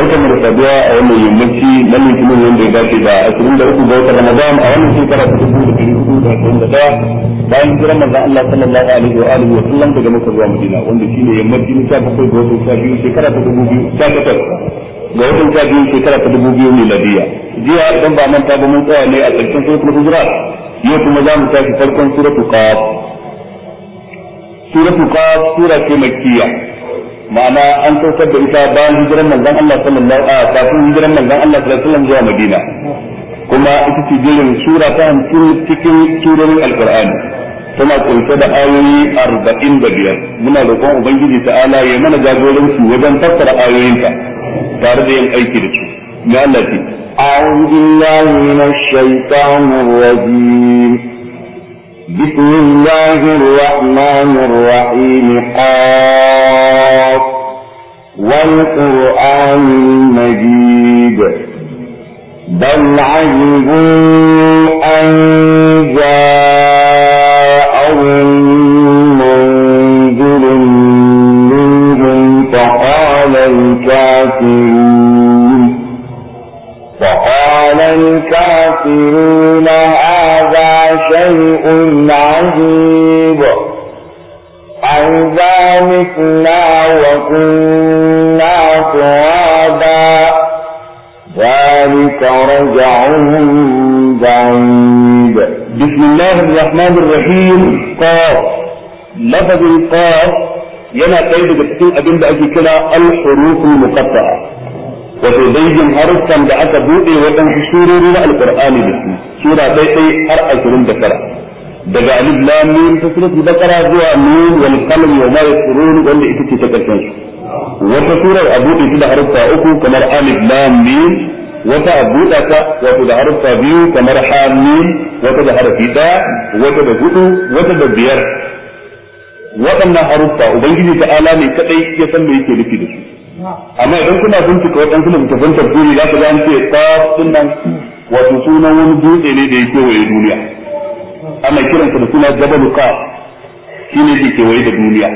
barkan da saduwa a wannan yammaci na litinin wanda ya dace da ashirin da uku ga watan ramadan a wannan shekara ta dubu da dari hudu da ashirin da daya bayan jiran manzon Allah sallallahu alaihi wa alihi wa sallam daga Makka zuwa Madina wanda shine yammaci na 17 ga watan 12 shekara ta dubu biyu sha takwas ga watan sha shekara ta dubu biyu miladiya jiya dan ba manta ba mun tsaya ne a ƙarshen suratul hujurat yau kuma farkon suratul qaf suratul qaf sura ce ma'ana an saukar da ita bayan hijiran manzon Allah sallallahu alaihi wasallam kafin hijiran manzon Allah sallallahu alaihi wasallam zuwa Madina kuma ita ce jerin sura ta hamsin cikin surorin alqur'ani tana kunshe da ayoyi 45 muna roƙon ubangiji ta'ala ya mana jagoranci wajen fassara ayoyinta tare da yin aiki da su ya Allah ce a'udhu billahi minash الشيطان الرجيم بسم الله الرحمن الرحيم حاف والقرآن المجيد بل عجبوا أن جاءهم منزل منهم فقال الكافرون فقال الكافرون هذا شيء عجيب أئذا مثلا وكنا ترابا ذلك رجع بعيد بسم الله الرحمن الرحيم قاف لفظ القاف ينا قيد daga cikin بأجي كلا الحروف المقطعة wato dangin haruffan da aka buɗe waɗansu surori na al'ƙur'ani da su sura ɗaiɗai har ashirin da tara daga alif lam mim ta suratul baqara zuwa nun wal qalam wa ma yasrun wanda ita ce ta karshen su wata surar a buɗe su da haruffa uku kamar alif lam mim wata a buɗa ta wato da haruffa biyu kamar ha hamim wata da harafi da wata da hudu wata da biyar waɗannan haruffa ubangiji ta ala ne kadai ya san me yake nufi da su amma idan kuna bincika waɗansu littattafan tafsiri za ku ga an ce qaf sunan wato sunan wani dutse ne da ya kewaye duniya ana kiransa da suna jabalu qaf shi ne ke kewaye da duniya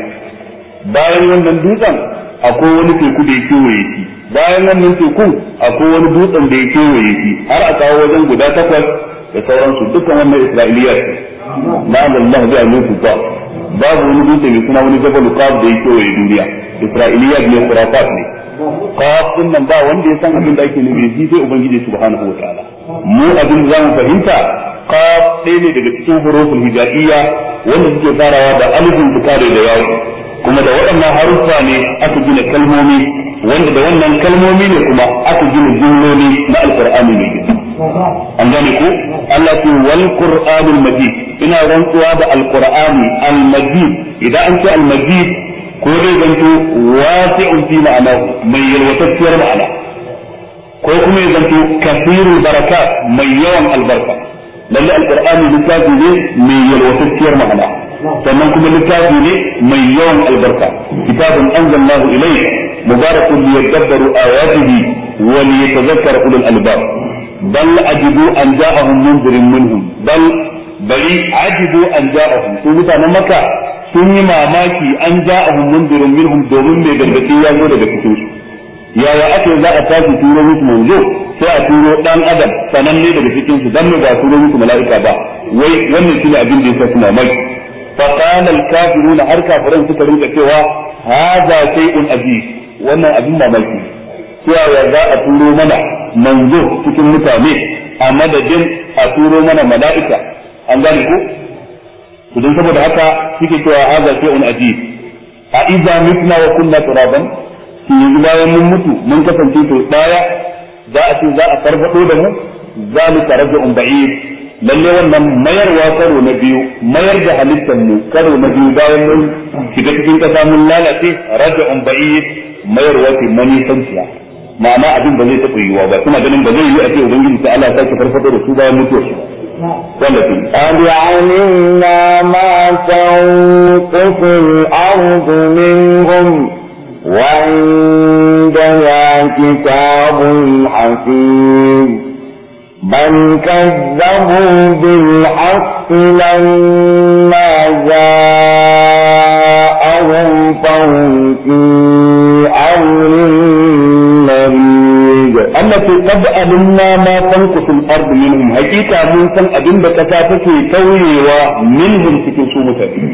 bayan wannan dutsen akwai wani teku da ya kewaye shi bayan wannan teku akwai wani dutsen da ya kewaye shi har a kawo wajen guda takwas da sauransu dukkan wannan isra'iliyar na Allah bi ayyukum qaf babu wani dutse mai suna wani jabal kaf da yake waye duniya isra'iliya ne khurafat ne kaf din nan ba wanda ya san abin da ake nufi shi sai ubangiji subhanahu wataala mu abin da zamu fahimta kaf ɗaya ne daga cikin hurufin hijaiya wanda suke farawa da alifin bukari da yawo kuma da waɗannan harufa ne aka gina kalmomi wanda da wannan kalmomi ne kuma aka gina jumloli na alkur'ani ne an gane ko Allah ce wal qur'anul majid ina rantsuwa da alqur'ani al majid idan an ce al majid ko dai zanto wasi'un fi ma'ana mai yalwatacciyar ma'ana ko kuma ya zanto kasirul barakat mai yawan albarka lalle alqur'ani littafi ne mai yalwatacciyar ma'ana sannan kuma littafi ne mai yawan albarka kitabun anzalallahu ilayka mubarakun liyadabbaru ayatihi wa liyatadhakkara ulul albab bal ajibu an ja'ahum munzirin minhum bal bari ajibu an ja'ahum su mutanen maka sun yi mamaki an ja'ahum munzirin minhum domin mai gargadi ya zo daga cikin su yaya ake za a tashi turo musu manzo sai a turo dan adam sananne daga cikinsu su dan ba turo musu mala'ika ba wai wannan shine abin da yake suna mai fa qala al kafirun har kafiran suka rinka cewa hadha wannan abin mamaki cewa za a turo mana manzo cikin mutane a madadin a turo mana mala'ika an gane ku to saboda haka suke cewa haza un ajib a idza mitna wa kunna turaban shi yanzu bayan mun mutu mun kasance to daya za a ce za a farfado da mu zalika raj'un ba'id lalle wannan mayarwa karo na biyu mayar da halittar mu karo na biyu bayan mun shiga cikin kasa mun lalace raj'un ba'id mayarwa ce manisanciya ma'ana abin ba zai taɓa yiwuwa ba kuma ganin ba zai yi a ce ubangiji ta Allah sake farfado da su bayan mutuwar su wallafi qad ya'lamna ma tanqutu al-ard minhum wa indana kitabun hafiz بل كذبوا بالحق لما جاءهم فهم في أمر Allah ce qad alimna ma al ard minhum hakika mun san abin da kasa take taurewa minhum cikin su mutane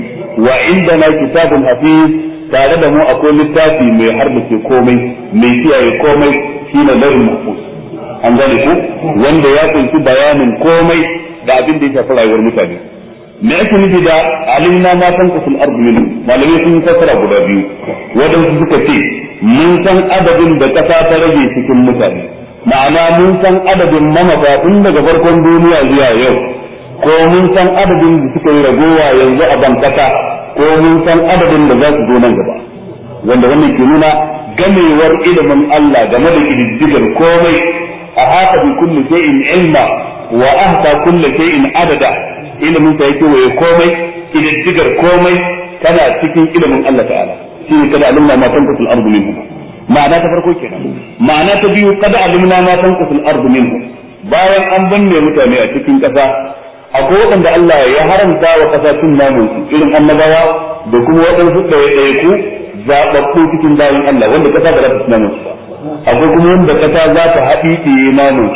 wa indana kitabun hafiz tare da mu akwai littafi mai harbace komai mai kiyaye komai shine lauhin mahfuz an gane ku wanda ya kunshi bayanin komai da abin da ya shafi rayuwar mutane me ake nufi da alimna ma san al-ard minhum malamai sun fassara guda biyu wadanda suka ce mun san adadin da kasa ta rage cikin mutane ma'ana mun san adadin mamaka tun daga farkon duniya zuwa yau ko mun san adadin da suka yi ragowa yanzu a bankasa ko mun san adadin da za su zo nan gaba wanda wannan ke nuna gamewar ilimin Allah game da kididdigar komai a haka bi kulli shay'in ilma wa ahta kulli shay'in adada ilimin sa yake waye komai kididdigar komai tana cikin ilimin Allah ta'ala shi ne kada alimma ma tanfasul ardu minhu ma'ana ta farko kenan ma'ana ta biyu kada alimna ma san kusul ardu minhu bayan an binne mutane a cikin kasa akwai waɗanda Allah ya haramta wa kasa cin namun irin annabawa da kuma waɗansu ɗaiɗaiku zaɓaɓɓu cikin bayan Allah wanda kasa ba za ta ci namun ba akwai kuma wanda kasa za ta haɗi ɗiye namun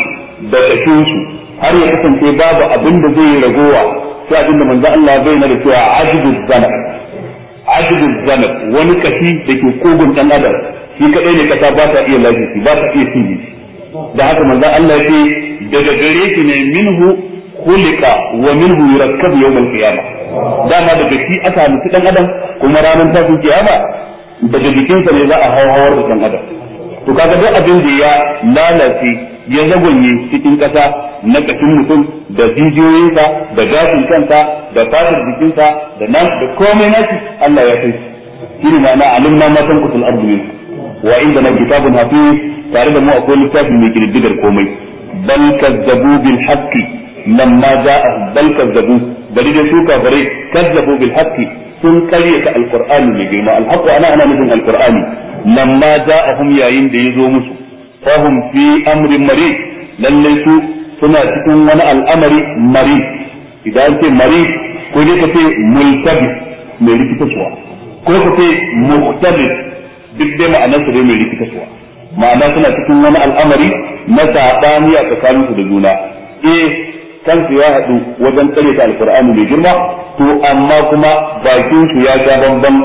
da ƙashin su har ya kasance babu abin da zai ragowa sai abin da manzo Allah bai na da cewa ajibu zanab ajibu zanar wani kashi da ke kogon ɗan adam shi kadai ne kasa ba ta iya lafi shi ba ta iya cinye shi da haka manzo Allah ya ce daga gare shi ne minhu khuliqa wa minhu yurakkabu yawm al-qiyamah dama daga shi aka mutu dan adam kuma ranar tashin kiyama daga bikinsa ne za a hawar da dan adam to kaga duk abin da ya lalace ya zagonye cikin ƙasa na ƙashin mutum da jijiyoyinsa da gashin kansa da fatar jikinsa da nan da komai nashi Allah ya kai shi ne ma'ana alim na matan kutul ardu wa na kitabun hafiz tare da mu akwai littafin mai kididdigar komai bal kazzabu bil haqqi lamma ja'a bal kazzabu bari da su kafare kazzabu bil haqqi sun karyata alqur'ani mai girma alhaqqu ana ana nufin alqur'ani lamma ja'ahum yayin da yazo musu fahum fi amrin mari lalle su suna cikin wani al'amari mari idan ce mari ko ne ka ce multabi mai rikitarwa ko ka ce muhtabis duk dai ma'anar su dai mai rikitarwa ma'ana suna cikin wani al'amari na saɓani a tsakanin su da juna eh kansu ya haɗu wajen tsare ta alkur'ani mai girma to amma kuma bakin su ya ga bamban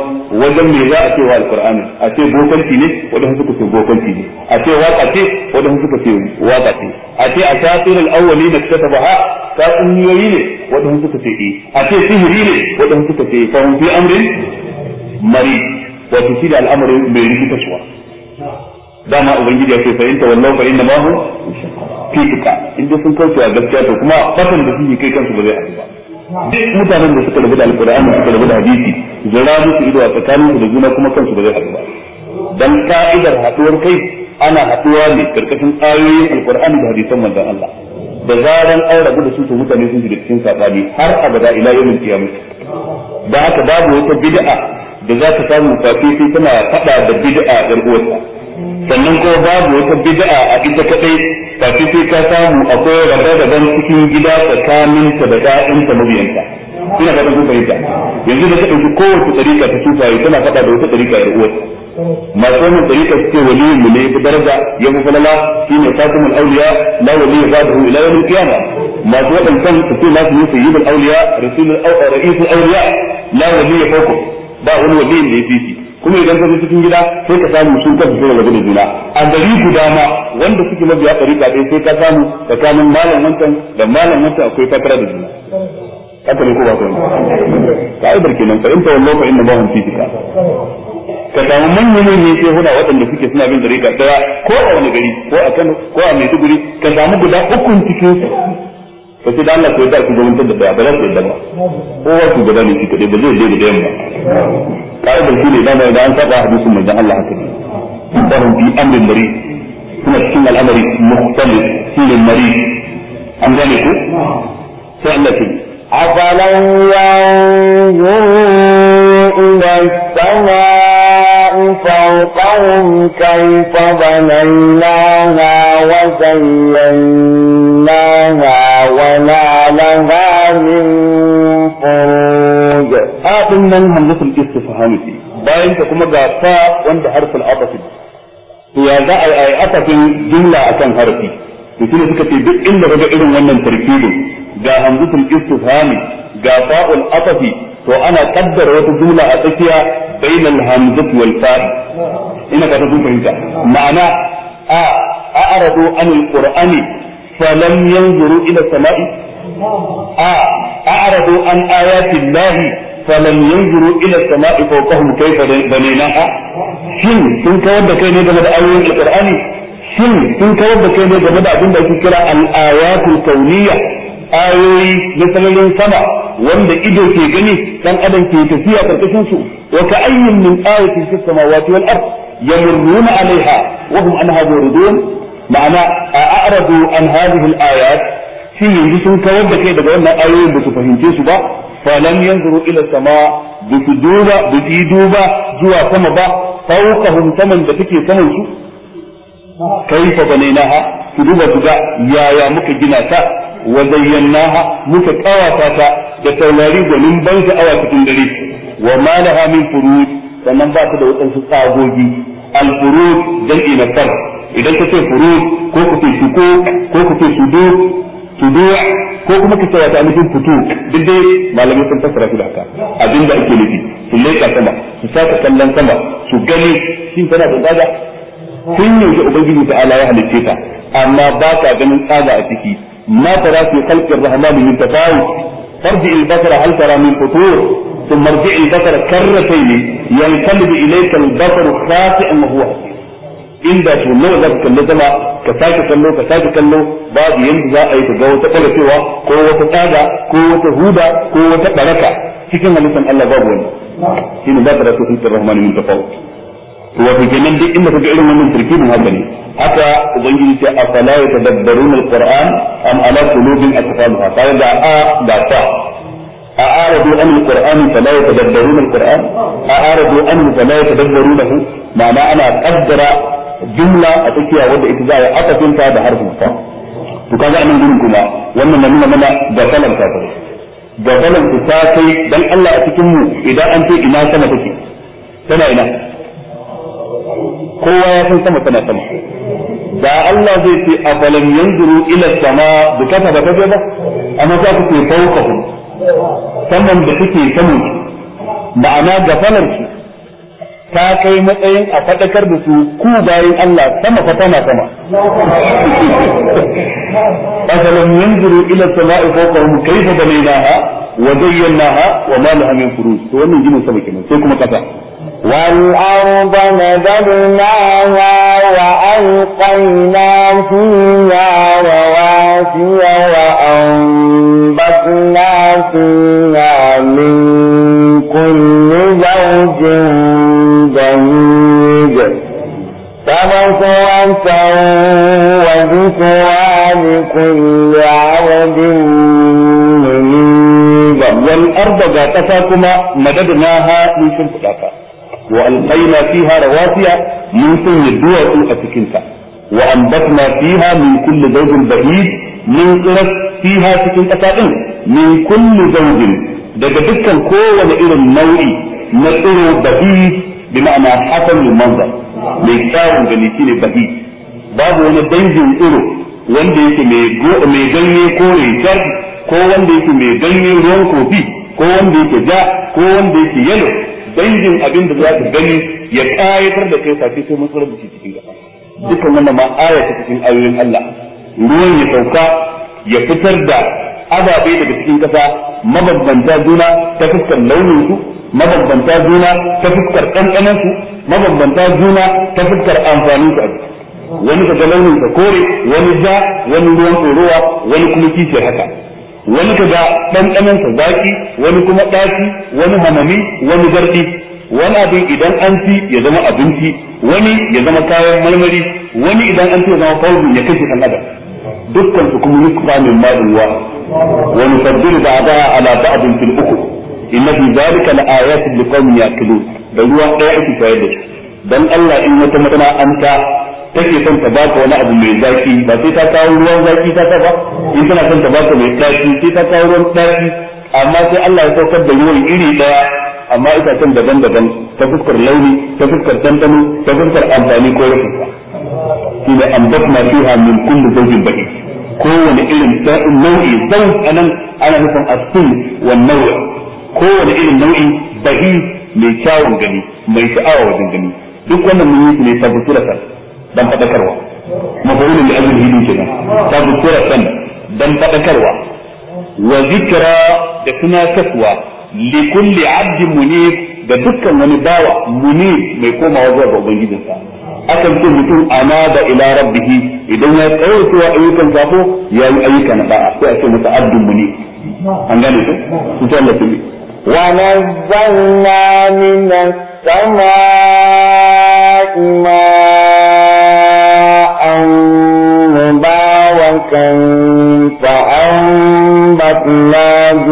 wajen me za a cewa alkur'ani a ce bokanci ne wadanda suka ce bokanci ne a ce waka ce wadanda suka ce waka ce a ce a tasirin awwali na ta tabaha ta kungiyoyi ne wadanda suka ce eh a ce sihiri ne wadanda suka ce fa fi amrin mari wato shi da al'amari mai rikita suwa dama ubangiji ya ce fa inta wallahu fa inna mahu fitka inda sun kauce a gaskiya to kuma fatan da suke kai kansu ba zai haɗu ba duk mutanen da suka rubuta alqur'ani suka rubuta hadisi zira musu ido a su da juna kuma kansu ba zai haɗu ba dan ka'idar haɗuwar kai ana haɗuwa ne karkashin ayoyin alqur'ani da hadisan manzon Allah da zaran an rabu da su to mutane sun shiga cikin sabani har abada ila yawmin qiyamah da haka babu wata bid'a da za ka samu fafifi tana fada da bid'a ɗan uwarsa sannan ko babu wata bid'a a ita kadai fafifi ka samu akwai da ban cikin gida ta da ɗa'inta mabiyanta suna fatan kun fahimta yanzu da ka ɗauki kowace ɗariƙa ta sufaye tana fada da wata ɗariƙa ɗan uwarsa masu wannan tsarika su ce waliyin mu ne ya daraja ya fi falala shi ne fatimul auliya la waliya hu ila yawmil kiyama masu wadancan su ce nasu ne sayyidul auliya rasulun auliya la ya fawqa ba wani yin da ya fifi kuma idan ka zo cikin gida sai ka samu sun kafa sai rabu da juna a gari guda ma wanda suke mabiya ɗariƙa ɗaya sai ka samu tsakanin malam wancan da malam wancan akwai fatara da juna haka ne ko ba kai ka'idar kenan fa in tawallu fa inna mahum fi tika ka samu manyan manyan huna waɗanda suke suna bin ka ɗaya ko a wani gari ko a Kano ko a Maiduguri ka samu guda ukun cikin su ka ce da Allah ko yadda ku gwamnatin da daya ba za ku yadda ba kowa ku gaba ne shi kaɗai ba zai daidai da yamma ƙa'idar shi ne dama da an saba hadisin manzon Allah haka ne bahum fi amrin mari kuma cikin al'amari mukhtalif shi mari an gane ku sai Allah ce أفلن ينظروا إلى السماء فوقهم كيف بنيناها وزيناها لها من فروج أعطن من همزة الاستفهام في باين تكما قافا وانت حرف العطف يا ذا أي عطف جملة أكان حرفي يتيني سكتي بك إلا رجع إذن وانا تركيب جا همزة الاستفهام جا فاء العطف وأنا قدر وتجملة أتكيا بين الهمزة والفاء إنك تكون معنى أعرضوا عن القرآن فلم ينظروا إلى السماء a a'radu an الله lahi falam إلى السماء فوقهم كيف بنيناها شن banaynaha shin sun kawar da kai ne game da كي نجمع بأيوان sun kawar da kai ne game abin da kira al-ayatul kauniyya na sama wanda ido ke gani dan adam ke tafiya karkashin su wa ka ayyin min ayatin fis samawati wal ard yamurruna alaiha wa hum anha muridun ma'ana a'radu an hadhihi al-ayat shi yanzu sun kawar da kai daga wannan ayoyin ba su fahimce su ba falan yanzuru ila sama bi su duba bi su duba zuwa sama ba fawqahum saman da take saman su kaifa banainaha su duba su ga yaya muka gina ta wa zayyanaha muka kawata ta da taurari gwanin ban sha'awa cikin dare wa ma laha min furuj sannan ba ta da wadansu tsagogi al furuj jam'i na idan ka ce furuj ko ku ce shuko ko ku ce sudur tuduwa ko kuma ka ce wata ainihin fito duk dai malamai sun fassara shi da haka abin da ake nufi su leƙa sama su saka kallon sama su gani shin tana da tsaga kun yanzu ubangiji ta ala ya halicce ta amma ba ka ganin tsaga a ciki ma tara fi khalqir rahmani min tafawut فارجع البصر هل ترى من فطور ثم ارجع البصر كرتين ينقلب اليك البصر خاطئا وهو حسين inda to nawa za ka kalli sama ka sake kallo ka sake kallo babu yanda za a yi ka ga wata cewa. ko wata tsada ko wata huda ko wata baraka cikin halittar Allah babu wani shine za ka rasu sun rahman min tafawut wato kenan duk inda kaga irin wannan tarkibin haka ne haka ubangiji ce ta yatadabbaruna alquran am ala qulubin aqfaluha sai da a da ta أعارضوا عن القرآن فلا يتدبرون القرآن أعارضوا عنه فلا يتدبرونه معنى أنا أقدر jumla a tsakiya wanda ita za a yi akafinta da harfin sa to kaga anan gurin kuma wannan na mana da kalan ta. ga balan su ta kai dan Allah a cikin mu idan an ce ina sama take tana ina kowa ya san sama tana sama da Allah zai ce a balan yanzuru ila sama bukata ba kaje ba amma za ku ce fawqahum saman da kuke saman ma'ana gafalar su ta kai matsayin a faɗakar da su ku bayan Allah sama fa tana sama asalam yanzuru ila sama'i fawqahum kayfa banaynaha wa zayyanaha wa ma laha min furuj to wannan ginin sama kenan sai kuma kasa والأرض مددناها وألقينا فيها رواسي وأنبتنا فيها وذكرى لكل عبد والأرض ذاتكما مددناها من شمسك وألقينا فيها رواسي من ثم الدواء أتكنتا وأنبتنا فيها من كل زوج بهيج من قرص فيها سكن أساقين من كل زوج daga dukkan kowane irin nau'i na tsiro bahi bi ma'ana hasan manzar mai kyawun gani shine bahi babu wani dangin tsiro wanda yake mai ganye ko rintar ko wanda yake mai ganye ruwan kofi ko wanda yake ja ko wanda yake yalo dangin abin da za ka gani ya kayatar da kai sai sai mun da cikin gaba dukkan wannan ma aya ta cikin ayoyin Allah ruwan ya sauka ya fitar da ababe daga cikin kasa mabambanta juna ta fuskar launin su mabambanta juna ta fuskar ɗanɗanon su mabambanta juna ta fuskar amfanin su wani kaga launin sa kore wani ja wani ruwan tsorowa wani kuma kishiyar haka wani kaga ɗanɗanon zaki wani kuma ɗaci wani hamami wani garɗi wani abin idan an ci ya zama abinci wani ya zama kayan marmari wani idan an ci ya zama kawai ya kashe kan adam dukkan su kuma yusfa min ma'in wa da nufaddilu ba'daha ala ba'din fil uku inna fi dhalika la ayatin liqaumin yaqilun da ruwa ɗaya ake tayar da su dan Allah in wata matsala an ta take son ta baka wani abu mai zaki ba sai ta kawo ruwan zaki ta ba in tana son ta baka mai tashi sai ta kawo ruwan tashi amma sai Allah ya saukar da ruwan iri daya amma ita son daban-daban ta fuskar launi ta fuskar dandano ta fuskar amfani ko rashin sa shi ne ambatna fiha min kulli zawjin ba'i kowane irin nau'i zauj anan ana nufin asin wan nau'i kowane irin nau'i bahi mai kyawun gani mai sha'awa wajen gani duk wannan mun yi ne ta dan fadakarwa mafulun bi hidu din kenan ta dukura kan dan fadakarwa wa zikra da kuma kaswa li kulli abdi munib da dukkan wani bawa muni mai komawa zuwa ga ubangijinsa akan ce mutum da ila rabbihi idan ya tsaya cewa ayyukan zafo ya yi ayyuka na da'a sai a ce masa abdun munib an gane ko insha Allah tuni wa nazzalna minas samaa'i شوكا فأنبتنا به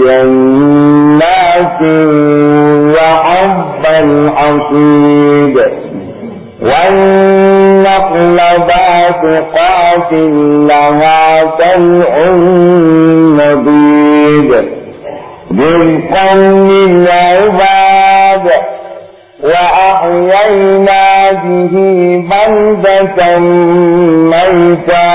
جنات وحب الحصيد والنخل باسقات لها طلع نضيد بالقوم العباد وأحيينا هذه بلدة ميتا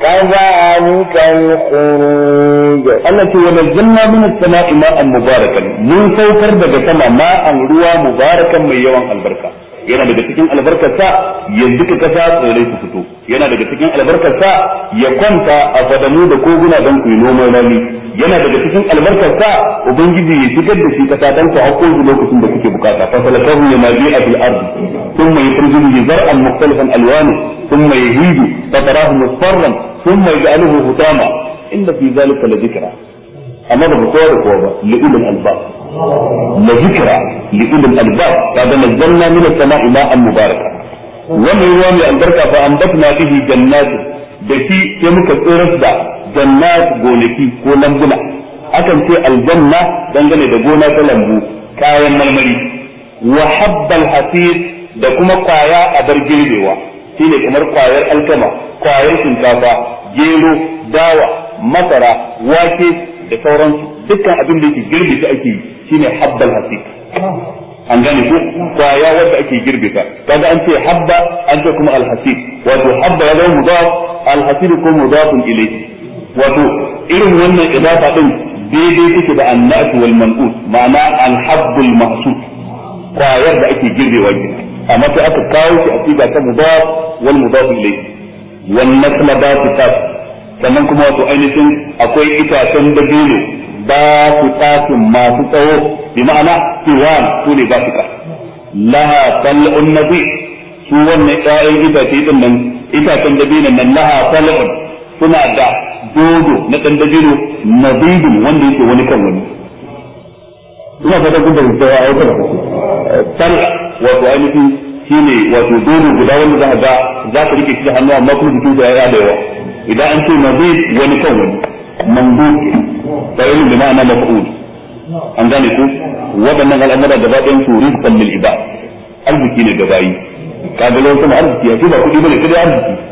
كذلك الخروج التي ونزلنا من السماء ماء مباركا من ma'an mubarakan mun ماء روى مباركا من ruwa mubarakan yana daga cikin albarkar sa yanzu ka kasa tsirrai su fito yana daga cikin albarkar sa ya kwanta a fadamu da koguna don ku yi noman rami yana daga cikin albarkar sa ubangiji ya shigar da shi kasa dan ku hakko lokacin da kike bukata fa salakahu ya mabi'a fil ardi thumma yukhrijuhu zar'an mukhtalifan alwanu thumma yahidu fa tarahu musfarran thumma yaj'aluhu hutama inna fi dhalika la dhikra amma ba kowa da kowa ba li ulil albab la dhikra li ulil albab fa nazzalna min as-sama'i ma'an mubaraka wannan ruwa mai albarka fa anbatna bihi jannatin da shi sai muka tsirar da jannat gonaki ko lambuna akan ce aljanna dangane da gona ta lambu kayan marmari wa habbal hasid da kuma kwaya a bar girbewa shine kamar kwayar alkama kwayar shinkafa gero dawa masara wake da sauransu dukkan abin da yake girbe ta ake shine habbal hasid an gane ko kwaya wadda ake girbe ta kaga an ce habba an ce kuma al alhasid wato habba ya zama mudaf alhasid ko mudafun ilayhi wato irin wannan idafa din daidai take da annas wal manqus ma'ana al habbul mahsud kwayar da ake girbewa ke amma sai aka kawo shi a cikin ta mudaf wal mudaf ilayhi wan nasla basitat sannan kuma wato ainihin akwai itacen dabino ba su tsafin masu tsawo bi ma'ana tiwan su ne basika laha tal'un nabi su wannan ƴaƴan itace din nan itacen dabinon nan laha tal'un suna da dodo na dan dabino nabidun wanda yake wani kan wani ina fata kun da ya aika da ku wato ainihin ne wato dodo guda wanda za a ga za ka rike shi da hannu amma kuma jikin ya da yawa idan an ce nabid wani kan wani mambu fa ilmi ma'ana maf'ul an gane ku waɗannan al'amura da ɗayan su rizqan lil arziki ne da bayi kaga lokacin arziki ya ce ba kuɗi bane kada arziki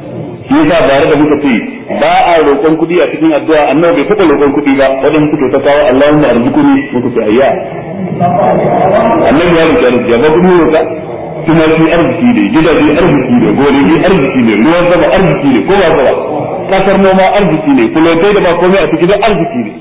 shi yasa bare da muka ce ba a roƙon kuɗi a cikin addu'a annabi bai taɓa roƙon kuɗi ba wadan suke ta kawo Allahumma arzuquni muka ce ayya annabi ya roƙi ya ba kuma roƙa kuma shi arziki ne gidaje arziki ne gonaki arziki ne ruwan sama arziki ne kowa kowa kasar noma arziki ne kulotai da ba komai a cikin arziki ne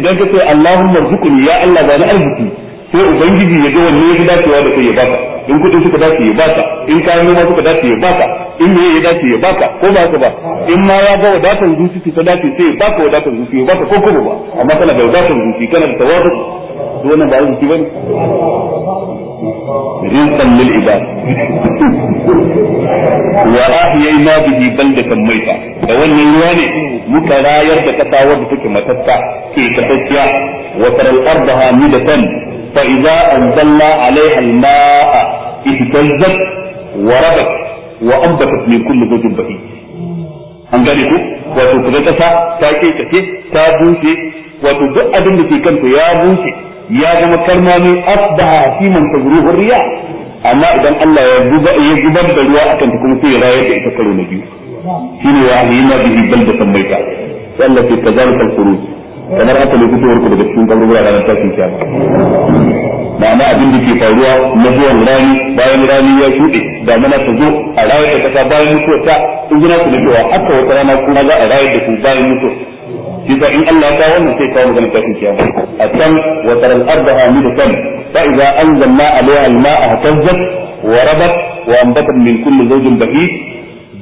idan ka ce Allahumma arzuquni ya Allah ba ni arziki sai ubangiji ya ga wanne ya dacewa da kai ya baka in kudin suka dace ya baka in kayan noma suka dace ya baka in meye ya dace ya baka ko ba haka ba in ma ya ga wadatar zuci ta dace sai ya baka wadatar zuci ya baka ko kuma ba amma kana da wadatar zuci kana da tawadu to wannan ba zuci bane rizqan lil ibad wa ahyayna bihi baldatan mayta da wannan ruwa ne muka rayar da kasa wadda take matatta ke kasacciya wa taral ardaha midatan fa idza anzalna alaiha al-ma'a ihtazzat wa rabat wa anbatat an gane ku wato kuma kasa ta ke kace ta bushe wato duk abin da ke kanta ya bushe ya zama karmami asbaha hasiman tazruhu riya amma idan Allah ya zuba ya zubar da ruwa akan ta kuma sai ya rayar da ita karo na biyu shine wa ahyina bihi baldatan maita sai Allah ke kazalika al-khuruj kamar haka ne fitowar ku daga cikin kaburbura ranar tashin kiyama ma'ana abin da ke faruwa na zuwan rani bayan rani ya shuɗe mana ta zo a rayar da kasa bayan mutuwar ta in gina ku da cewa haka wata rana kuma za a rayar da ku bayan mutuwar إذا إن الله تعالى سيكون a من تكون كيما السم وترى الأرض هامدة فإذا أنزلنا عليها الماء اهتزت وربت وأنبتت من كل زوج بهيج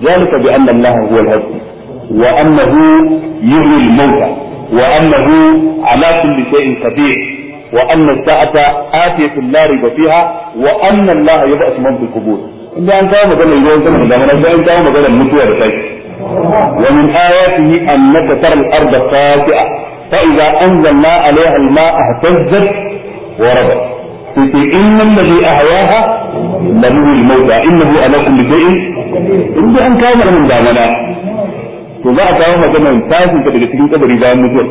ذلك بأن الله هو الهدي وأنه يحيي الموتى وأنه على كل شيء قدير وأن الساعة آتية لا ريب فيها وأن الله يبعث من في القبور إن أنت مثلا يقول زمن إذا أنت مثلا متوى بشيء ومن آياته أنك ترى الأرض خاشعة فإذا أنزلنا عليها الماء اهتزت وربت إن الذي أحياها لمن الموتى إنه على كل شيء إن كان من دامنا to za a kawo magana tashin ka daga cikin kabari bayan mutuwar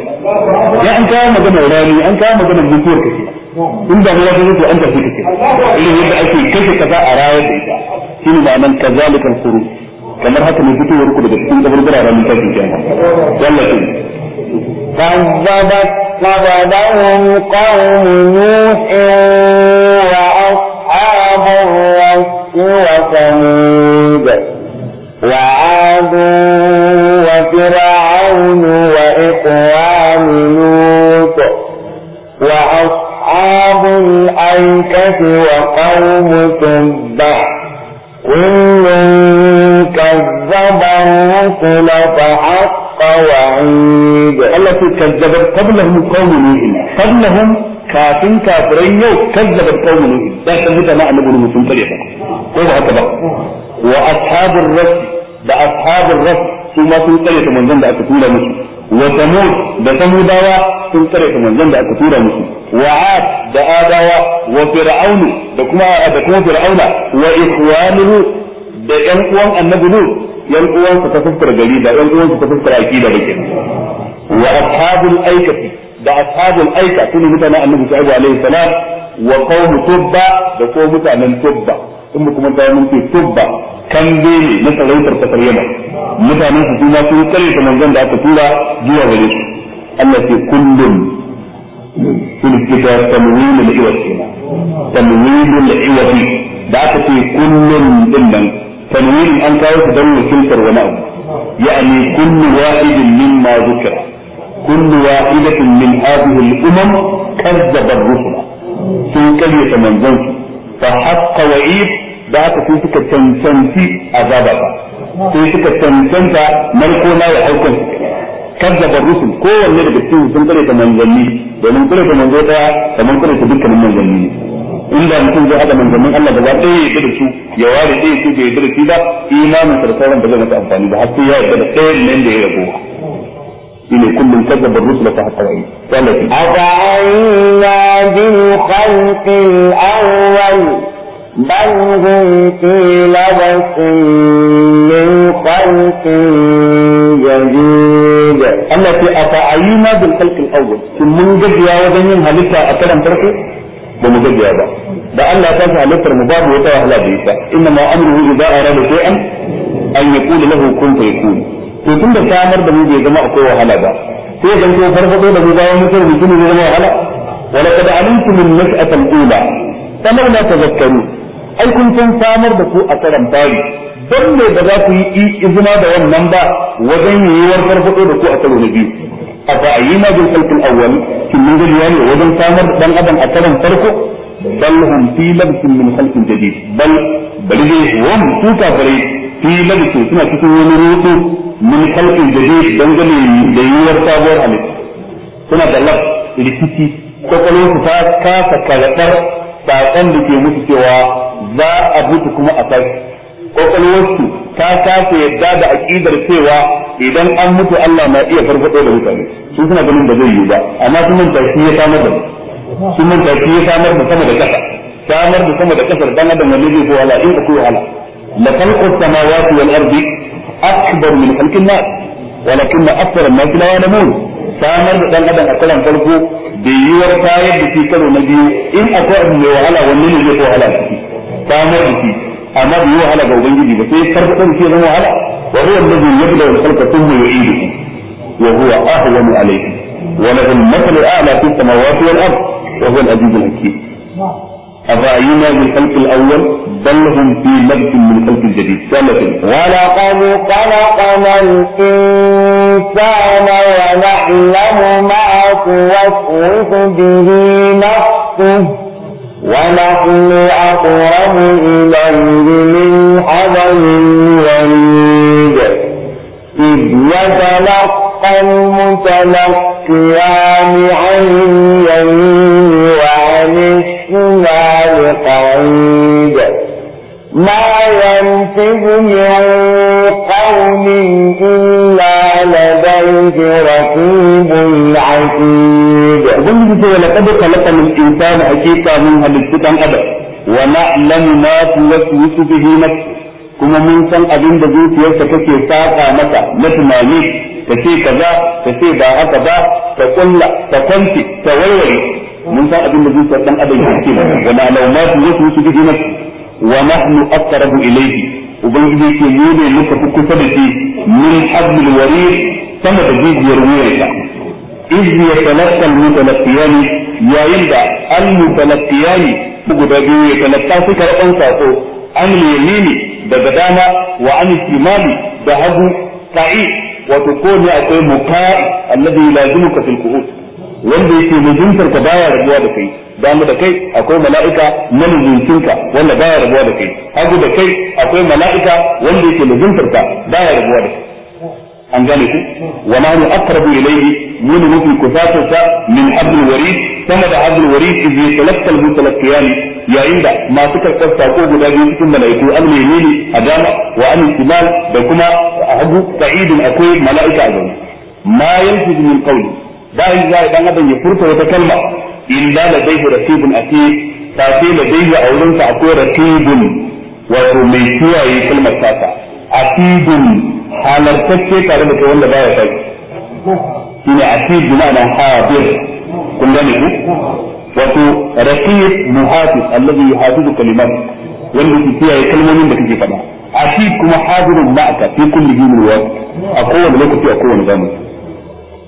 ya an kawo magana rani an kawo magana mutuwar ka ce in da ruwa zai an tafi ka ce irin yadda ake kashe kaza a rayar da ita shi ne ma'anar kazalikal khuruj kamar haka ne fitowar ku daga cikin kabari gurara mun tafi kenan wallahi كذبت قبلهم قوم نوح وأصحاب الرس وثمود وفرعون وإقوام نوت وأصحاب الأيكة وقوم تبع كل كذب الرسل فحق وعيد التي كذبت قبلهم قوم نوح قبلهم كافين كافرين كذبت قوم نوح لا تنهد مع نبو نوح فليفا كيف هكذا وأصحاب الرسل بأصحاب الرسل su ma sun tsare ta manzon da aka tura musu wa samud da samudawa sun tsare ta manzon da aka tura musu wa ad da adawa wa fir'aun da kuma da kuma fir'auna wa ikhwanuhu da yan uwan annabi lut yan uwan su ta fuskar gari da yan uwan su ta fuskar aqida da kenan wa ashabul aikati da ashabul aika sune mutanen annabi sallallahu alaihi wasallam wa qaum tubba da ko mutanen tubba in ba kuma ta mun ce tubba kan ne na sarautar kasar yaman mutanen su su ma sun kare ta manzon da aka tura zuwa gare su Allah ce kullum sun kita tanwil al-iwad kenan tanwil al-iwad da aka ce kullum din nan tanwil an kawo su dan wakiltar wani abu ya'ani kullu wahidin mimma zukira kullu wahidatin min hadhihi al-umam kazzaba ar-rusula sun kare ta manzon fa haqqa wa'id da haka sai suka cancanci azaba ba sai suka cancanta marko na ya aukan ba rusul kowanne daga cikin sun kare ta manzanni domin kare ta manzo ta kamar kare ta dukkanin manzanni inda mutum zai haɗa manzannin Allah da za ɗaya ya da su ya ware ɗaya su bai yarda da shi ba imanin sa da sauran ba zai masa amfani ba har sai ya yarda da ɗayan nan da ya ragowa إن كل كذب الرسل فحق وعيد أفعلنا بالخلق الأول بل هم في لبس من خلق جديد الله في أفعينا بالخلق الأول من جد يا وزنين هلتا أكلم تركي بمجد يا با da Allah ta sa halittar mu babu wata wahala da ita inna ma amruhu idza arada shay'an an yaqulu lahu kun fayakun da samar da zama akwai wahala ba sai zan ko farfado da mu bayan mutum mutum zai zama wahala wa laqad alimtum min mas'atil ula fa ma tadhakkarun ai kun san samar da ku a karan fari don me ba za ku yi izina da wannan ba wajen yiwuwar farfado da ku a karo na biyu a fa'ayyina bil khalqil awwal kin mun ga ne wajen samar da dan adam a karan farko bal hum fi labsin min khalqin jadid bal bal dai hum su kafirai fi labsin suna cikin wani rutu min khalqin jadid dangane da yiwuwar sabuwar halitta suna da lab rikici kwakwalwarsu ta kasa karɓar saƙon da ke musu cewa za a mutu kuma a tashi kwakwalwarsu ta kasa yadda da aƙidar cewa idan an mutu Allah na iya farfaɗo da mutane su suna ganin da zai yi ba amma sun manta shi ya samar da sun manta shi ya samar da sama da ƙasa samar da sama da ƙasar dan adam wani zai wahala in akwai wahala la khalqu samawati wal ardi akbar min khalqin nas walakin akthara an-nas la ya'lamun samar da dan adam a kalan farko da yiwuwar tayar da shi karo na biyu in akwai abu mai wahala wanne ne zai ko wahala ciki samar da shi amma bai yi wahala ga ubangiji ba sai karfafa da shi zama wahala wa huwa allazi yabda al khalqa thumma yu'iduhu wa huwa ahwanu alayhi wa lahu al mathalu a'la fi samawati wal ard wa huwa al aziz al hakim أرأينا بالخلق الأول بل هم في لبس من خلق جديد ثالثا ولقد خلقنا الإنسان ونعلم ما توسوس به نفسه ونحن أقرب إليه من حبل الوريد إذ يتلقى المتلقيان ما ينفذ من قول إلا لديه رقيب عتيد ومن ولقد خلق الإنسان حقيقة من هل الفتن أبد ونعلم ما توسوس به نفسه kuma mun san abin da zuciyarsa take saka mata na tunani ta ce kaza ta ce ba haka ba ta kulla ta kwanci ta warware mun san abin da na su wa nahnu aqrabu ilayhi ubangiji ke mu ne muka fi kusa da shi min hablil warir sama da jijiyar wuyarsa iz ya talaqqa al-mutalaqqiyan yayin da al-mutalaqqiyan guda biyu ya talaqqa su karban sako an yamini daga dama wa an shimali da hagu ta'i wato ko ne akwai muka'i alladhi lazimuka fil qu'ud wanda yake mujintar ka baya rabuwa da kai damu da kai akwai mala'ika na nuzincinka wanda baya rabuwa da kai hagu da kai akwai mala'ika wanda yake nuzintarka baya rabuwa da kai an gane ku wa ma nu aqrabu ilayhi min rufi kusatinsa min hablul warid sama da hablul warid idh yatalaqqa al mutalaqqiyan yayin da masu karɓar sako guda biyu cikin mala'iku an menene a dama wa an kimal da kuma a hagu sa'idin akwai mala'ika a zaune ma yanzu min qawli bayan za a dan adam ya furta wata kalma illa ladayhi raqibun atid fa sai ladayhi a wurin sa akwai raqibun wato mai kiyaye kalmar tasa atidun halartacce tare da kai wanda baya sai shine atid bima'ana hadir kun gane ku wato raqib muhafiz alladhi yuhafizu kalimat wanda ke kiyaye kalmomin da kake faɗa atid kuma hadirun ma'aka fi kulli yawmin wa a kowane lokaci a kowane zamani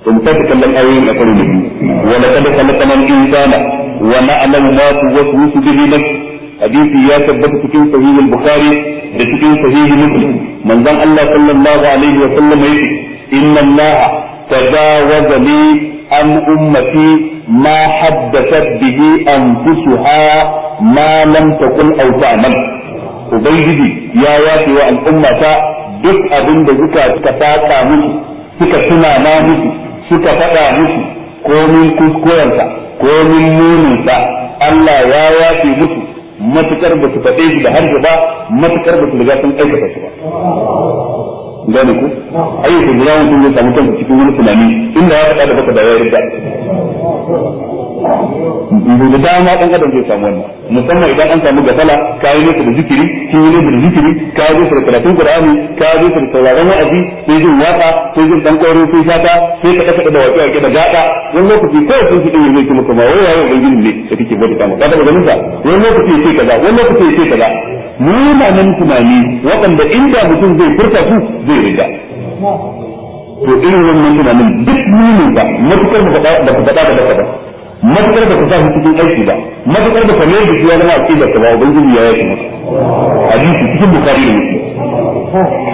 to mu sake kallon ayoyin a karo da biyu wa laqad khalaqna al-insana wa na'lamu ma tuwaswisu bihi nafsuhu hadisi ya tabbata cikin sahih al-bukhari da cikin sahih muslim manzon Allah sallallahu alaihi wa sallam yace inna Allah tajawaza li an ummati ma haddathat bihi anfusuha ma lam ubangiji ya yafe wa al'ummata duk abin da suka saka musu suka tuna na musu suka faɗa musu komin kuskurenta komin muninsa Allah ya yafe musu matukar ba su faɗe shi da harshe ba matukar ba su riga sun aikata su ba gane ku ayyukan jira mutum ya samu kansa cikin wani tunani inda ya faɗa da baka da ya yarda da dama dan adam zai samu wannan musamman idan an samu gafala ka yi nesa da zikiri ka yi nesa da zikiri ka yi nesa da karatun qur'ani ka yi nesa da sauraron wa'azi sai jin waka sai jin dan kwaro sai shata sai ka kasa da wato ake da gada wani lokaci kai sun fi dinga zai kuma ma wai yayin ubangiji ne da kike bada kama kada da nisa wani lokaci sai kaza wani lokaci sai kaza na nan tunani waɗanda inda mutum zai furta su zai riga to irin wannan tunanin duk ne ba matukar ba da ba da ba matukar da ka sa cikin aiki ba matukar da ka mai da shi ya zama aqida ka ba ubangiji ya yake maka hadisi cikin bukari ne shi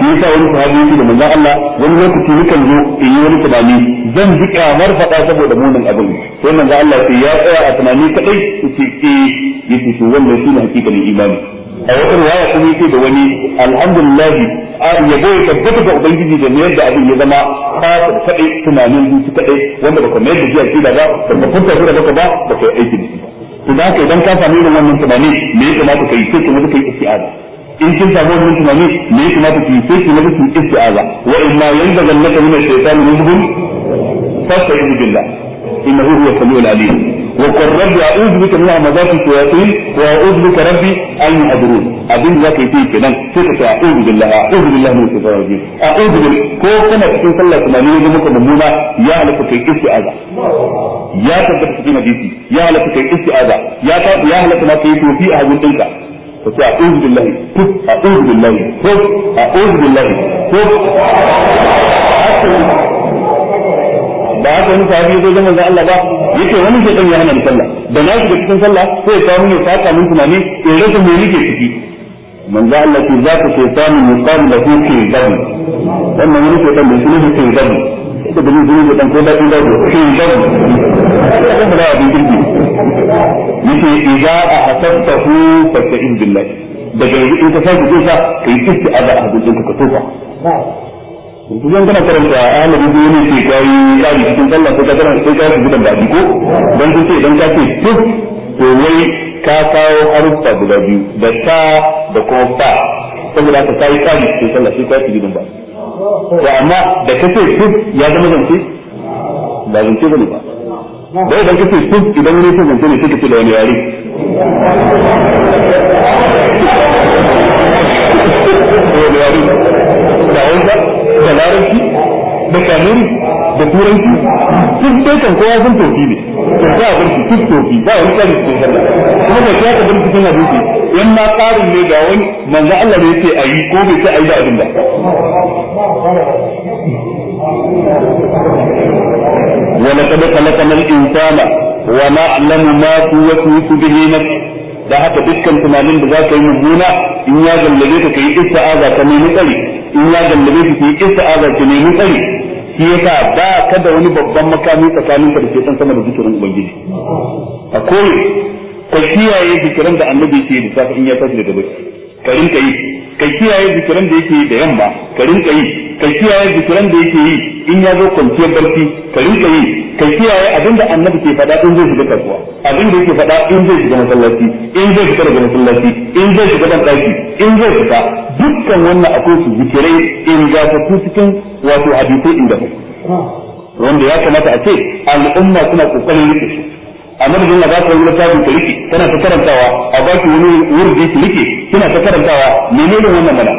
yasa wani sahabi yake da manzon Allah wani lokaci nukan zo in yi wani tunani zan ji kyamar faɗa saboda munin abin sai manzon Allah sai ya tsaya a tunani kadai yake eh yake to wannan hakika hakikalin imani a wata riwaya kuma yake da wani alhamdulillah yabo ya tabbata ga ubangiji da mayar da abin ya zama kasa da kadai tunanin zuci kadai wanda baka mayar da shi akida ba baka furta shi da baka ba ka yi aiki da shi to da haka idan ka samu irin wannan tunani me ya kamata ka yi sai kuma ka yi isti'aza in kin samu wannan tunani me ya kamata ki yi sai kuma ka yi isti'aza wa in ma yanzaga laka min ash-shaytani nuzghun fasta'iz billah innahu huwa samiul 'alim وقل ربي أعوذ بك من همزات الشياطين وأعوذ بك ربي أن يحضرون أبين ذاك يتيك كنان سيكت أعوذ بالله أعوذ بالله من الشيطان الرجيم أعوذ بال كو كنا تكون صلى الله عليه وسلم مكة ممونة يا لك كي استعاذة يا تبدأ تكون حديثي يا لك كي استعاذة يا يا لك ما كي توفي أحد تلك kace a'udhu billahi kuf a'udhu billahi kuf a'udhu billahi kuf ba haka wani sahabi ya zo Allah ba yake wani ke dan ya hana sallah da na shiga cikin sallah sai ya kawo ne saka min tunani in rasa me nake ciki manzo Allah ce za ka shaytanu yuqalu lahu kidan wannan wani ke dan da shi ne kidan da bin zuri da dan ko da dan da kidan Allah ba da abin kirki yace idza ahasabtahu fa ta'in billah daga yanzu in ka sake jinsa kai isti'aza a hadisin ka tofa idan kana karanta amalin da yana cikin ka karanta sai ka rubuta ko dan ce ka ce to wai ka kawo guda biyu da da kuma fa saboda ka cikin sai to amma da kace ya zama zance ba zance bane ba da idan kace idan ce zance ne sai ce da wani yare da yare da da larabci da kanuri da turanci dai kan kowa sun tofi ne to ba burki tofi ba wani kuma ba ka burki hadisi in ma tsarin ne ga wani manzo Allah yake ayi ko bai ce ayi da abin ba ولقد خلقنا الإنسان ونعلم ما توسوس به نفسه da haka dukkan tunanin da zaka yi mummuna in ya gallabe ka kai ista'aza ka nemi tsari in ya gallabe ka kai ista'aza ka nemi tsari shi yasa ba ka da wani babban makami tsakanin ka da ke san sama da dukkan ubangiji a koyi ka kiyaye zikirin da annabi ke da safa in ya tashi daga bacci ka rinka yi ka kiyaye zikiran da yake yi da yamma ka rinka yi ka kiyaye zikiran da yake yi in ya zo kwanciyar barci ka rinka yi ka kiyaye abin da annabi ke faɗa in zai shiga kasuwa abin da yake faɗa in zai shiga masallaci in zai shiga daga masallaci in zai shiga dan ɗaki in zai fita dukkan wannan akwai su zikirai in ga ta cikin wato hadisi inda wanda ya kamata a ce al'umma suna kokarin rike a madadin a zaka yi littafi ka rike tana ta karantawa a baki wani wurdi ki rike kina ta karantawa menene wannan mana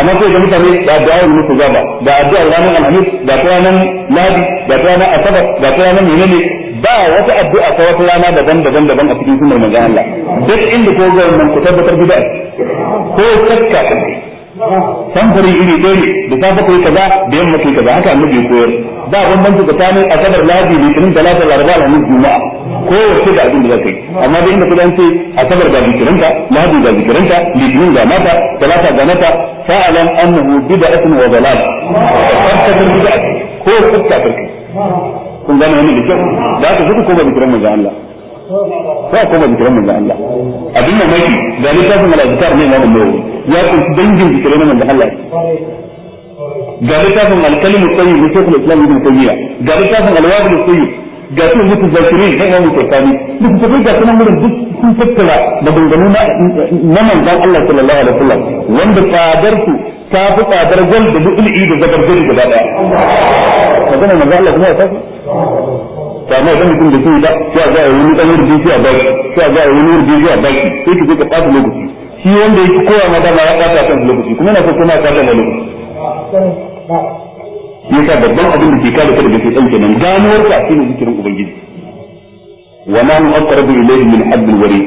amma sai ga mutane da addu'a ne ku gaba da addu'a ranar alhamis da ta ranar ladi da ta ranar asabar da ta ranar menene ba wata addu'a ta wata rana daban-daban daban a cikin sunan manzon Allah duk inda ko ga mun ku tabbatar bid'a ko shakka samfuri iri ɗaya da safe kai kaza da yamma kai kaza haka annabi ya koyar ba bambanci tsakanin asabar lahadi litinin talata laraba alhamis juma'a ko wace da abin da zaka yi amma dai inda kudan ce asabar ga zikirinka lahadi ga zikirinka litinin ga mata talata ga mata fa'alam annahu bid'atun wa dalal fastatir bid'ati ko kuka farki kun gane wannan da kyau da aka zuku ko ba zikirin manzo Allah ba ko ba kiran manzo Allah abin da mai da ni littafin al-azkar ne Imam Nawawi ya ku dangin da kiran manzo Allah ga littafin al-kalimu tayyib na Sheikhul Islam Ibn Taymiyyah ga littafin al-wabil tayyib ga su mutu zakiri ne na Imam Kirkani duk su ga sunan murin duk sun tattara dangane na manzo Allah sallallahu alaihi wasallam wanda tsadar su ta fi kadar gwal da duk ilmi da zabar gari da daya magana manzo Allah kuma ya tafi to amma idan da ke ba sai a ga wani dan wurin bishi a baki sai a ga wani wurin bishi a baki sai ki ka fata lokaci shi wanda yake kowa ma dama ya fata kan lokaci kuma na so kuma ka fata lokaci yasa babban abin da ke kare ka daga shaitan kenan ganuwar ka shine zikirin ubangiji wa ma nuqarrabu ilayhi min hablil warid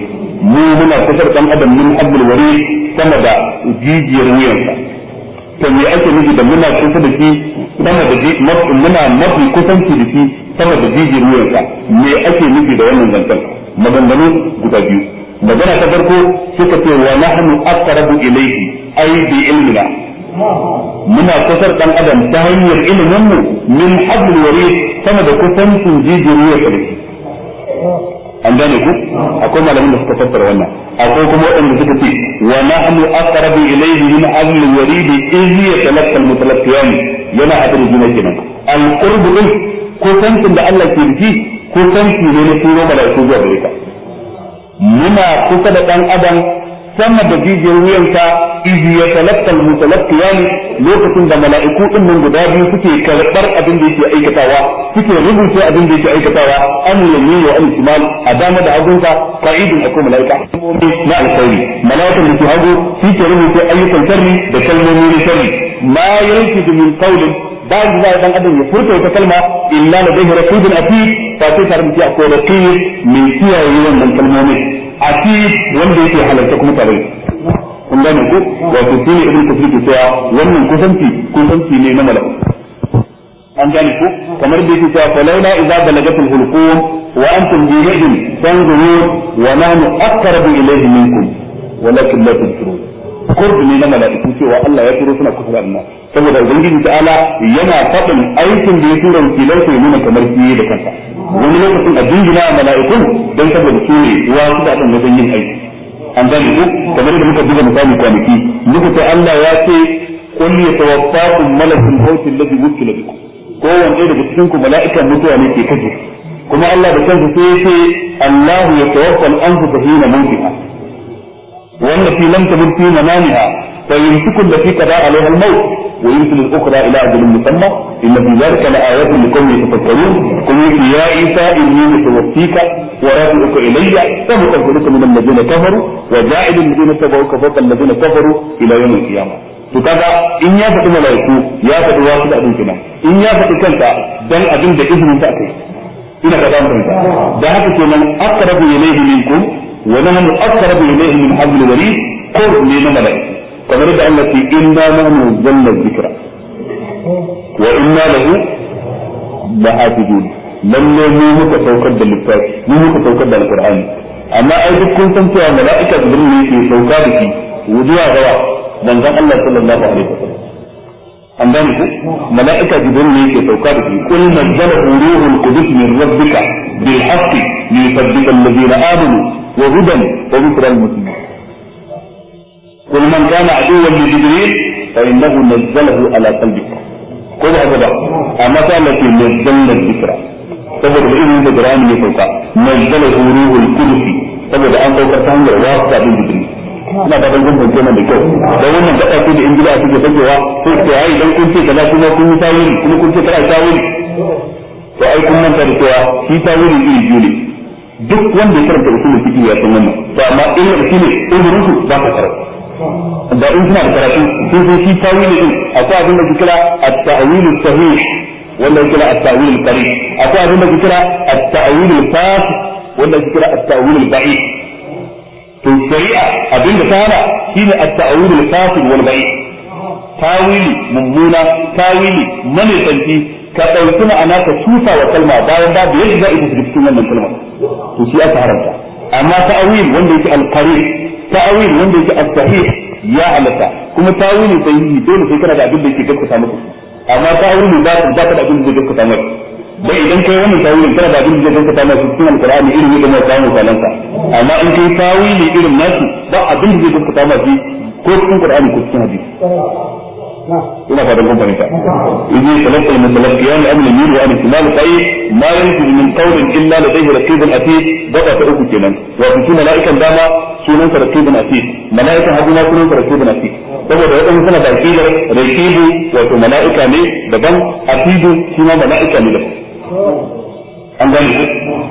mu muna kusar dan adam min hablil warid sama da jijiyar wuyansa to me ake da muna kusa da shi sama da muna mafi kusanci da shi sama da me ake nufi da wannan zancen maganganu guda biyu magana ta farko suka ce wa nahnu aqrabu ilayhi ay bi ilmina muna kusar dan adam ta hanyar ilimin min hablil wari sama da kusancin jijiyar wuyarsa an gane ku akwai malamin da suka fassara wannan akwai kuma waɗanda suka ce wa nahnu aqrabu ilayhi min al warid in hiya al mutalaqqiyan yana cikin jinin kenan al qurbu din kusancin da Allah ke da shi kusanci ne na turo malaiku zuwa gare ka muna kusa da dan adam sama da jijiyar wuyanka izi ya talakkal ne lokacin da mala'iku din nan guda biyu suke karbar abin da yake aikatawa suke rubuta abin da yake aikatawa an yamin wa an shimal a dama da hagunka qa'idun ako mala'ika na alkhairi mala'ikan da ke hagu suke rubuta ayyukan sharri da kalmomi na sharri ma yanki min qawlin ba in za a dan adam ya furta wata kalma illa la zahira kudin atid fa sai tare da akwai raqib mai kiyaye wannan kalmomin atid wanda yake halarta kuma tare kun gane ko wato sai ibn kafir ke cewa wannan kusanci kusanci ne na mala'ika an gane ku. kamar da yake cewa falaula idza balagatul hulqum wa antum bi'idin tanzurun wa nahnu aqrabu ilayhi minkum walakin la tubsirun qurb ne na mala'iku cewa Allah ya turo suna kusa da annabi saboda ubangiji ala. yana faɗin aikin da ya tura wakilan su nuna kamar shi da kansa wani lokacin a dingina mala'ikun don saboda su ne wa su da wajen yin aiki an gane ku kamar da muka buga misali kwanaki muka ce Allah ya ce kun ya yatawaffakum malakul maut alladhi wukila bikum kowanne daga cikin ku mala'ikan mutuwa ne ke kaje kuma Allah da kansa sai ya ce Allah ya tawaffa al-anfusa hina mautiha wanda fi lam tamut fi manamiha fa yumsiku allati qada alaiha al-maut ويمكن الأخرى إلى أجل مسمى إن في ذلك لآيات لقوم يتفكرون قل يا عيسى إني متوفيك ورافعك إلي ومطهرك من الذين كفروا وجاعل الذين اتبعوك فوق الذين كفروا إلى يوم القيامة to kaga in ya faɗi malaiku ya faɗi wasu da abin kina in ya faɗi kanta dan abin da izinin ta kai ina ka dan fahimta da haka kenan aqrabu ilayhi minkum wa nahnu aqrabu ilayhi min hablil warid ko ne na malaiku kamar da Allah ke inna nahnu zanna dhikra wa inna lahu lahafizun lalle mu muka saukar da littafi mu muka saukar da alqur'ani amma ai duk kun san cewa mala'ika da ne ke sauka da shi wujuwa gawa manzon Allah sallallahu alaihi wasallam an gane ku mala'ika jibril ne ke sauka da shi kul nazzala ruhul qudus min rabbika bil haqqi li yuthabbita alladhina amanu wa hudan wa bushra lil muslimin قل من كان عدوا لجبريل فإنه نزله على قلبك قل هذا أما قال لك نزلنا الذكرى saboda da irin da birani ne sauka nazzala ruhul qudus saboda an saukar ina da bangon ban kenan da kyau da wannan da kake da in gida suke sakewa ko ce ai dan kun ce kaza kuma kun yi tawili kuma kun ce kaza tawili to ai kun manta da cewa shi tawili ne juli duk wanda ya karanta usulul fiqh ya san wannan to amma in ne usulul fiqh za ka karanta da in suna da karatu sun san shi tawili din akwai abin da kira at-ta'wil sahih wanda kira at-ta'wil qarib akwai abin da kira at-ta'wil fas wanda kira at-ta'wil ba'id to shari'a abin da ta hana shine at-ta'wil fasil wal ba'id tawili mummuna tawili manisanci ka ɗauki ma'ana ka tusa wa kalma bayan babu yadda za a yi cikin wannan kalma to shi aka haramta amma ta'awil wanda yake al-qarib ta'awil wanda yake as-sahih ya halaka kuma ta'awili sahihi dole sai kana da abin da yake gaskata maka amma ta'awili ba ba ka da abin da yake gaskata maka dai idan kai wannan ta'awilin kana da abin da yake gaskata maka cikin alqur'ani irin yadda mai samu kalanka amma in kai ta'awili irin nasu ba abin da yake gaskata maka ko cikin qur'ani ko cikin hadisi ina fatan kun fahimta idh yatalaqa al-mutalaqqiyan an al-yamin wa an al-shimal fa ma yanfidu min qawlin illa ladayhi raqibun atid gaba ta uku kenan wato shi mala'ikan dama sunan sa raqibun atid mala'ikan hagu ma sunan sa raqibun atid saboda wadannan suna da aqidar raqibu wato mala'ika ne daban atidu shi ma mala'ika ne daban an gani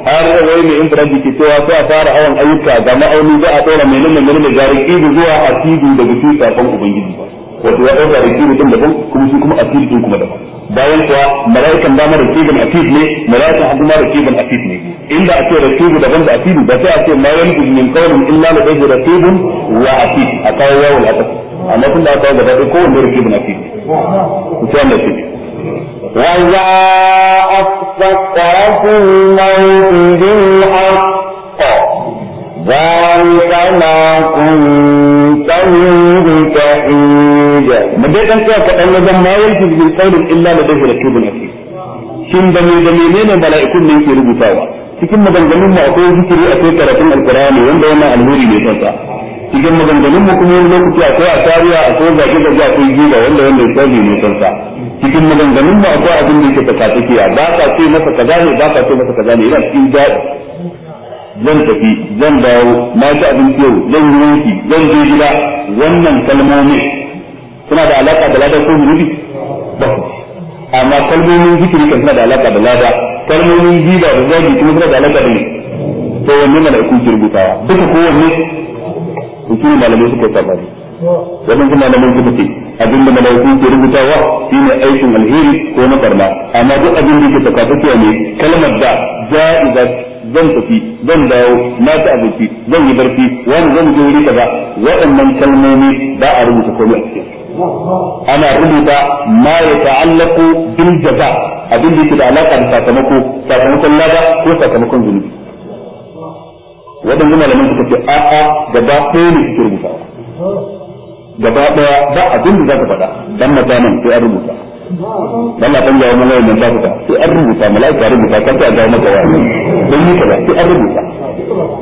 har wai mai infiraji ke cewa sai a fara awon ayyuka ga ma'auni za a tsora mai nuna mai nuna jarin idu zuwa a asidu daga tuta kan ubangiji ba wato ya dauka da kiri din daban kuma su kuma asiri din kuma daban bayan kuwa mala'ikan dama da kiri asiri ne mala'ikan hagu ma da asiri ne inda ake da kiri daban da asiri ba sai ake ma yan min qawlin illa da bayda da kiri wa asiri a kawo yawon haka amma tun da aka kawo gaba ko wanda da kiri asiri ku sai Allah shi وإذا بالحق ذلك ما كنت منه تعيد ما دي كان كيف قد أنه ما يلفظ من قول إلا لديه ركيب أكيد shin da mai ne menene mala'ikun ne yake rubutawa cikin maganganun mu akwai zikiri a akwai karatun alqur'ani wanda wannan alheri ne kansa cikin maganganun mu kuma wani lokaci akwai a asariya akwai zage zage akwai jiba wanda wanda ya ne kansa cikin maganganun mu akwai abin da yake tsakatsaki ba ka ce masa kaza ne ba ka ce masa kaza ne yana cikin jadi zan tafi zan dawo na ji abin yau zan yi wanki zan je gida wannan kalmomi suna da alaka da lada ko zunubi ba amma kalmomin zikiri kan suna da alaka da lada kalmomin jiba da zagi kuma suna da alaka da ne to wanne mala'iku ke rubutawa duka ko wani shi malamai suka sabani wannan kuma malamai suka ce abinda mala'iku ke rubutawa shine aikin alheri ko na barna amma duk abin da yake tsakatsakiya ne kalmar da ja'iza zan tafi zan dawo na ci abinci zan yi barci wani zan je wuri kaza waɗannan kalmomi ba a rubuta komai a cikin ana rubuta ma ya ta'allaku bil jaza abin da yake da alaka da sakamako sakamakon lada ko sakamakon zunubi waɗannan malaman suka ce a'a gaba ɗaya ne suke rubutawa gaba ɗaya ba abin da za ka faɗa dan nan sai a rubuta Allah kan jawo mana wannan zafuka sai an rubuta mala'ika rubuta kan ta jawo maka wani don yi kaza sai an rubuta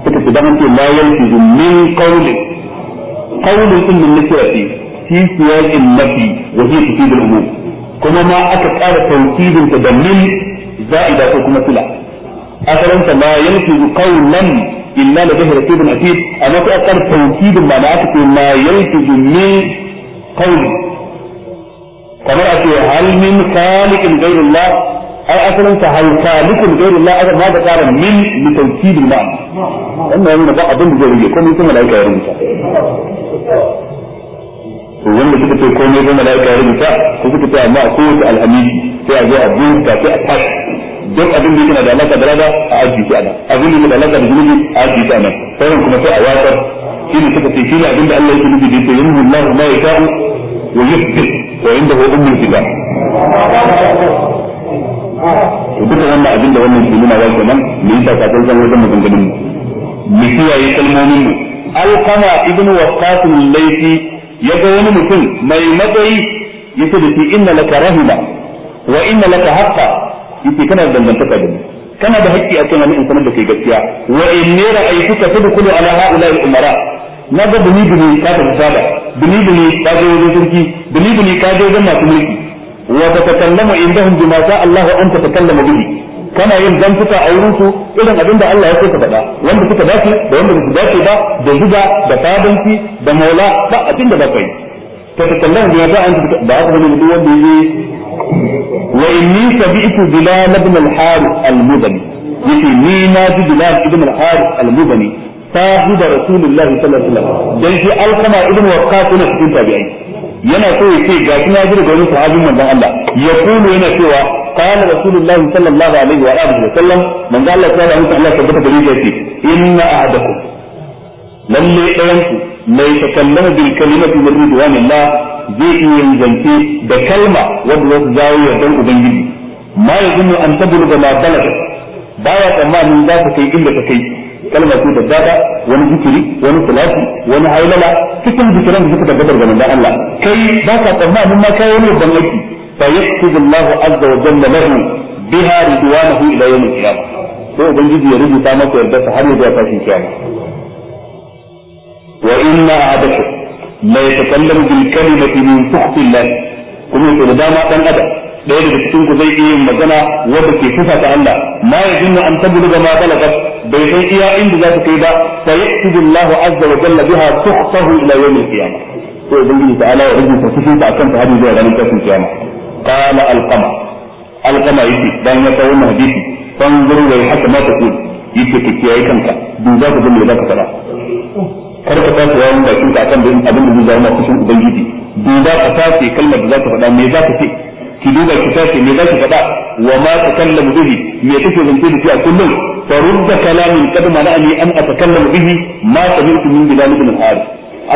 suka ce dan ce la yalfizu min qawli qawli in min nisrati fi siyaqin nafi wa hiya tufid al-umum kuma ma aka ƙara tawkidin ta da min za'ida ko kuma sila asalin ta la yalfizu qawlan illa la dhahira tibun atid amma ko aka ƙara tawkidin ma aka ce la yalfizu min qawli kamar a ce hal min khaliqin ghayrullah ai asalin ta hal khaliqin ghayrullah aka ma da karin min li tawkidil ma wannan yana ba abin da zai rige komai kuma malaika ya rubuta to wanda suka ce komai kuma malaika ya rubuta ko suka ce amma ko ta alhamidi sai a zo a bincika sai a tashi duk abin da yana da alaka da rada a aji ki ana abin da yana da alaka da zunubi a aji ki ana sauran kuma sai a watsar shi ne suka ce shi ne abin da Allah yake nufi da yake yanzu Allah ma ya sha'u ويثبت وعنده أم الكتاب duka wannan abin da wannan shi nuna wai kenan mu yi sakatun san wajen maganganun mu kiyaye kalmomin mu alqama ibn waqqas Laifi laythi yaga wani mutum mai matsayi yace da shi inna laka rahima wa inna laka haqqa yace kana da dangantaka da ni kana da haƙƙi a kan in sanar da kai gaskiya wa in ne ra'aytuka tadkhulu umara na ga bumi ta tsada bini bini ka je wajen sarki bini bini ka je wajen masu mulki wa tatakallamu indahum bima sha Allah anta tatakallama bihi kana yin zantuka a wurin su irin abin da Allah ya so ka faɗa wanda suka dace da wanda ba su dace ba da zuba da fadanci da maula ba abin da ba kai tatakallamu bima sha an ba haka bane duk wanda yi. wa inni sabi'tu bilal ibn al-harith al-mudani yace ni na ji bilal ibn al-harith al-mudani sahiba rasulullahi sallallahu alaihi wasallam dan shi alkama ibn waqqas ne cikin tabi'ai yana so ya ce ga kuma jira ga sahabin manzon Allah ya kulu yana cewa qala rasulullahi sallallahu alaihi wa alihi wasallam manzon Allah ya rahmatu Allah tabbata gari ya ce inna ahadakum lalle ɗayan ku mai takallama bil kalimati min ridwanillah zai iya yin zance da kalma wanda za su jawo yardan ubangiji ma yazunnu an tabluga ma balaga baya tsammanin za ta kai inda ta kai kalma ce da dada wani zikiri wani salati wani haulala cikin zikiran da suka tabbatar ga manzon Allah kai ba ka tsammanin ma kai wani babban aiki fa yahfizu Allah azza wa jalla lahu biha ridwanahu ila yawm al-qiyamah sai ubangiji ya rubuta maka yarda ta har zuwa tashin kiyama wa inna abaka la yatakallamu bil kalimati min sukhti Allah kuma da dama dan adam ɗaya daga cikin ku zai iya magana wanda ke kusa ta Allah ma ya jinna an tabu daga ma balaka bai san iya inda za ta kai ba fa yaktubu Allahu azza wa jalla biha tuhsahu ila yawm al-qiyamah to ubangiji ta ala ya rubuta cikin ta akan ta hadin da ranar kafin kiyama qala al-qama al-qama yace dan ya kawo wannan hadisi fanzuru wa haka ma ta kun yace ka kiyaye kanka duba ka ga me za ka fara kar ka tafi yawan bakin ka akan abin da zai zama cikin ubangiji duba ka tafi kalmar da za ka faɗa me za ka ce ki duba kitabi tashi me zaki faɗa wa ma takallamu bihi me kake zance da shi a kullum farudda kalamin qad ani an atakallamu bihi ma sami'tu min bilal ibn al-harith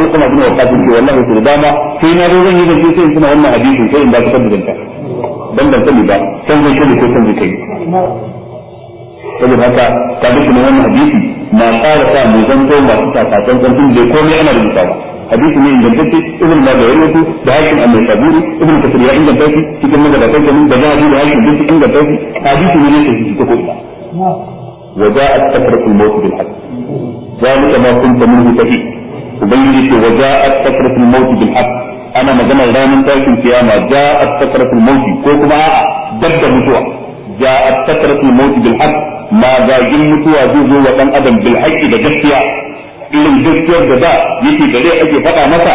alqama bin waqas ki wallahi ku dama sai na zo zan yi zance sai kuma wannan hadisin sai in ba ka tabbata dan ban sani ba san zan shi ko san zai kai saboda haka ta duk wannan hadisi na fara sa mu zanto masu zan zantun da komai ana da misali hadisi ne ingantacce ibn majah ya rubuta da hakim an-nasaburi ibn ya inganta shi cikin magabatan da mun da zahabi da hakim duk inganta shi hadisi ne ne sahihi ta ko ina wa ja'at sakratul maut bil haqq zalika ma kunta minhu tahi ubangiji ce wa ja'at sakratul maut bil haqq ana maganar ranar tashin kiyama ja'at sakratul maut ko kuma dab da mutuwa ja'at sakratul maut bil haqq ma mutuwa zai zo wa dan adam bil da gaskiya irin gaskiyar da ba yake gare ake faɗa masa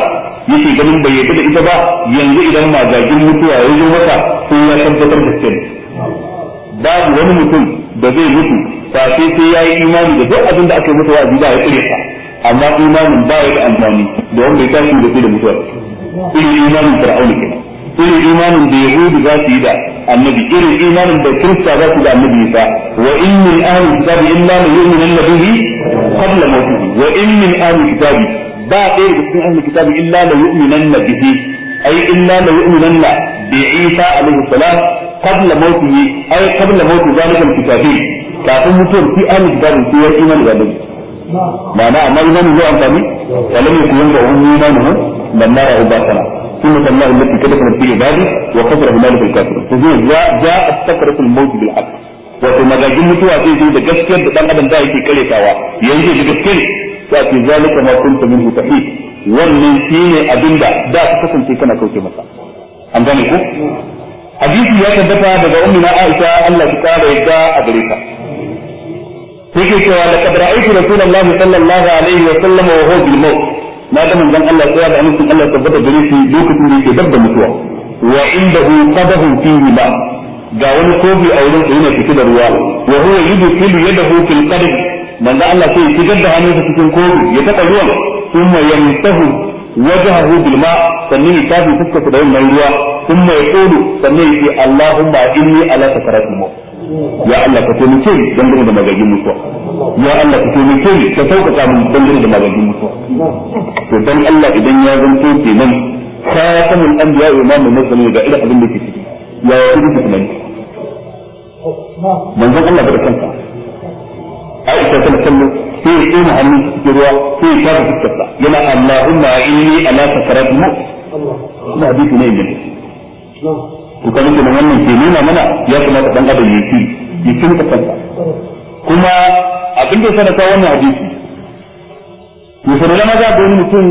yake ganin bai yarda da ita ba yanzu idan magagin mutuwa ya zo masa ko ya tabbatar da sin babu wani mutum da zai mutu ba sai sai ya yi imani da duk abin da ake yi masa wa'azi ba ya tsire sa amma imanin ba ya da amfani da wanda ya tashi da su da mutuwa irin imanin fir'auna kenan irin imanin da yahudu za su yi da annabi irin imanin da kirista za su da annabi isa wa in min ahli kitabi illa man yu'minu bihi qabla mawtihi wa in min ahli kitabi ba ɗaya da cikin ahli kitabi illa la yu'minanna bihi ay illa la yu'minanna bi isa alaihi salam qabla mawtihi ay qabla mawti zalika al-kitabi kafin mutuwar fi ahli kitabi sai ya imani da annabi ma'ana amma imani zai amfani kalam yakun yanzu ummanuhu lamma ra'u basana ثم سماه التي كتبت في عبادي وكفر هنالك الكافر فهو جاءت سكرة الموت بالحق wato magagin mutuwa zai zo da gaskiyar da dan adam da yake karetawa yanzu da gaskiyar ya ce zalika ma kunta min tahi wannan shine abinda da ka kasance kana kauce masa an gane ku hadisi ya tabbata daga ummi Aisha Allah ta kara yadda a gare ta take cewa laqad ra'aytu rasulullahi sallallahu alaihi wa sallam wa na ga manzon Allah ya da amincin Allah tabbata gare shi lokacin da yake dabba mutuwa wa indahu qadahun fihi ba ga wani kofi a wurin sa yana cike da ruwa wa huwa yudkhilu yadahu fil qadah manzon Allah sai ya shigar da hannunsa cikin kofi ya taba ruwan thumma yamsahu وجهه بالماء sannan ya tafi fuskar da wannan ruwa kuma ya kodo sannan ya ce Allahumma inni ala sakarat maut ya Allah ka taimake ni dangane da magagin mutuwa ya Allah ka taimake ni ka sauƙaƙa min dangane da magagin mutuwa to dan Allah idan ya zanto kenan khatamul anbiya imamul mursalin ga irin abin da ke ciki ya ya kike tunani manzon Allah da kanka Aisha ta sallallahu sai ya tsoma hannu cikin ruwa sai ya shafa fuskarsa yana Allahumma inni ala sakarat mu Allah hadisi ne ne to kaga kenan wannan ke nuna mana ya kamata dan adam ya ci ya ci ka kansa kuma abin da sanata wannan hadisi to sanata maza da wani mutum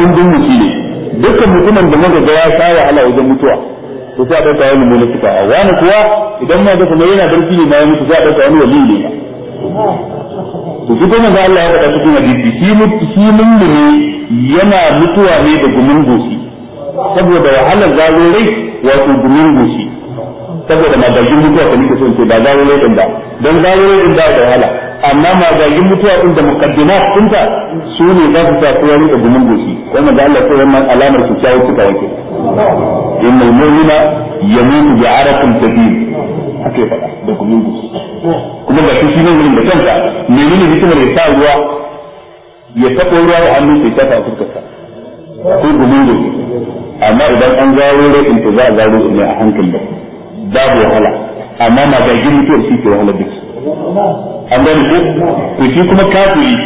kun din mutum ne dukkan mutumin da maza da ya tsaya wahala wajen mutuwa to sai a ɗauka wani mai kika a wani kuwa idan ma da kuma yana barci ne ma ya mutu sai a wani wali ne to shi kuma da Allah ya faɗa cikin hadisi shi mutum yana mutuwa ne da gumin goshi saboda wahalar rai wato gumin goshi saboda magajin mutuwa da nake sun ce ba rai din ba don rai din ba da wahala amma magajin mutuwa din da muqaddimat sun ta su ne za su sa kowa da gumin goshi kuma da Allah sai wannan alamar su kyawu suka wanke innal mu'mina yamutu bi arafin kathir ake faɗa da gumin goshi kuma ga shi ne wurin da kanka menene hikimar ya sa ruwa ya taɓa ruwa a hannun sai ta fa fuskarsa ko gululu amma idan an zaro rai to za a zaro ne a hankali babu wahala amma na ga gini to shi ke wahala duk an gani ko to shi kuma kafiri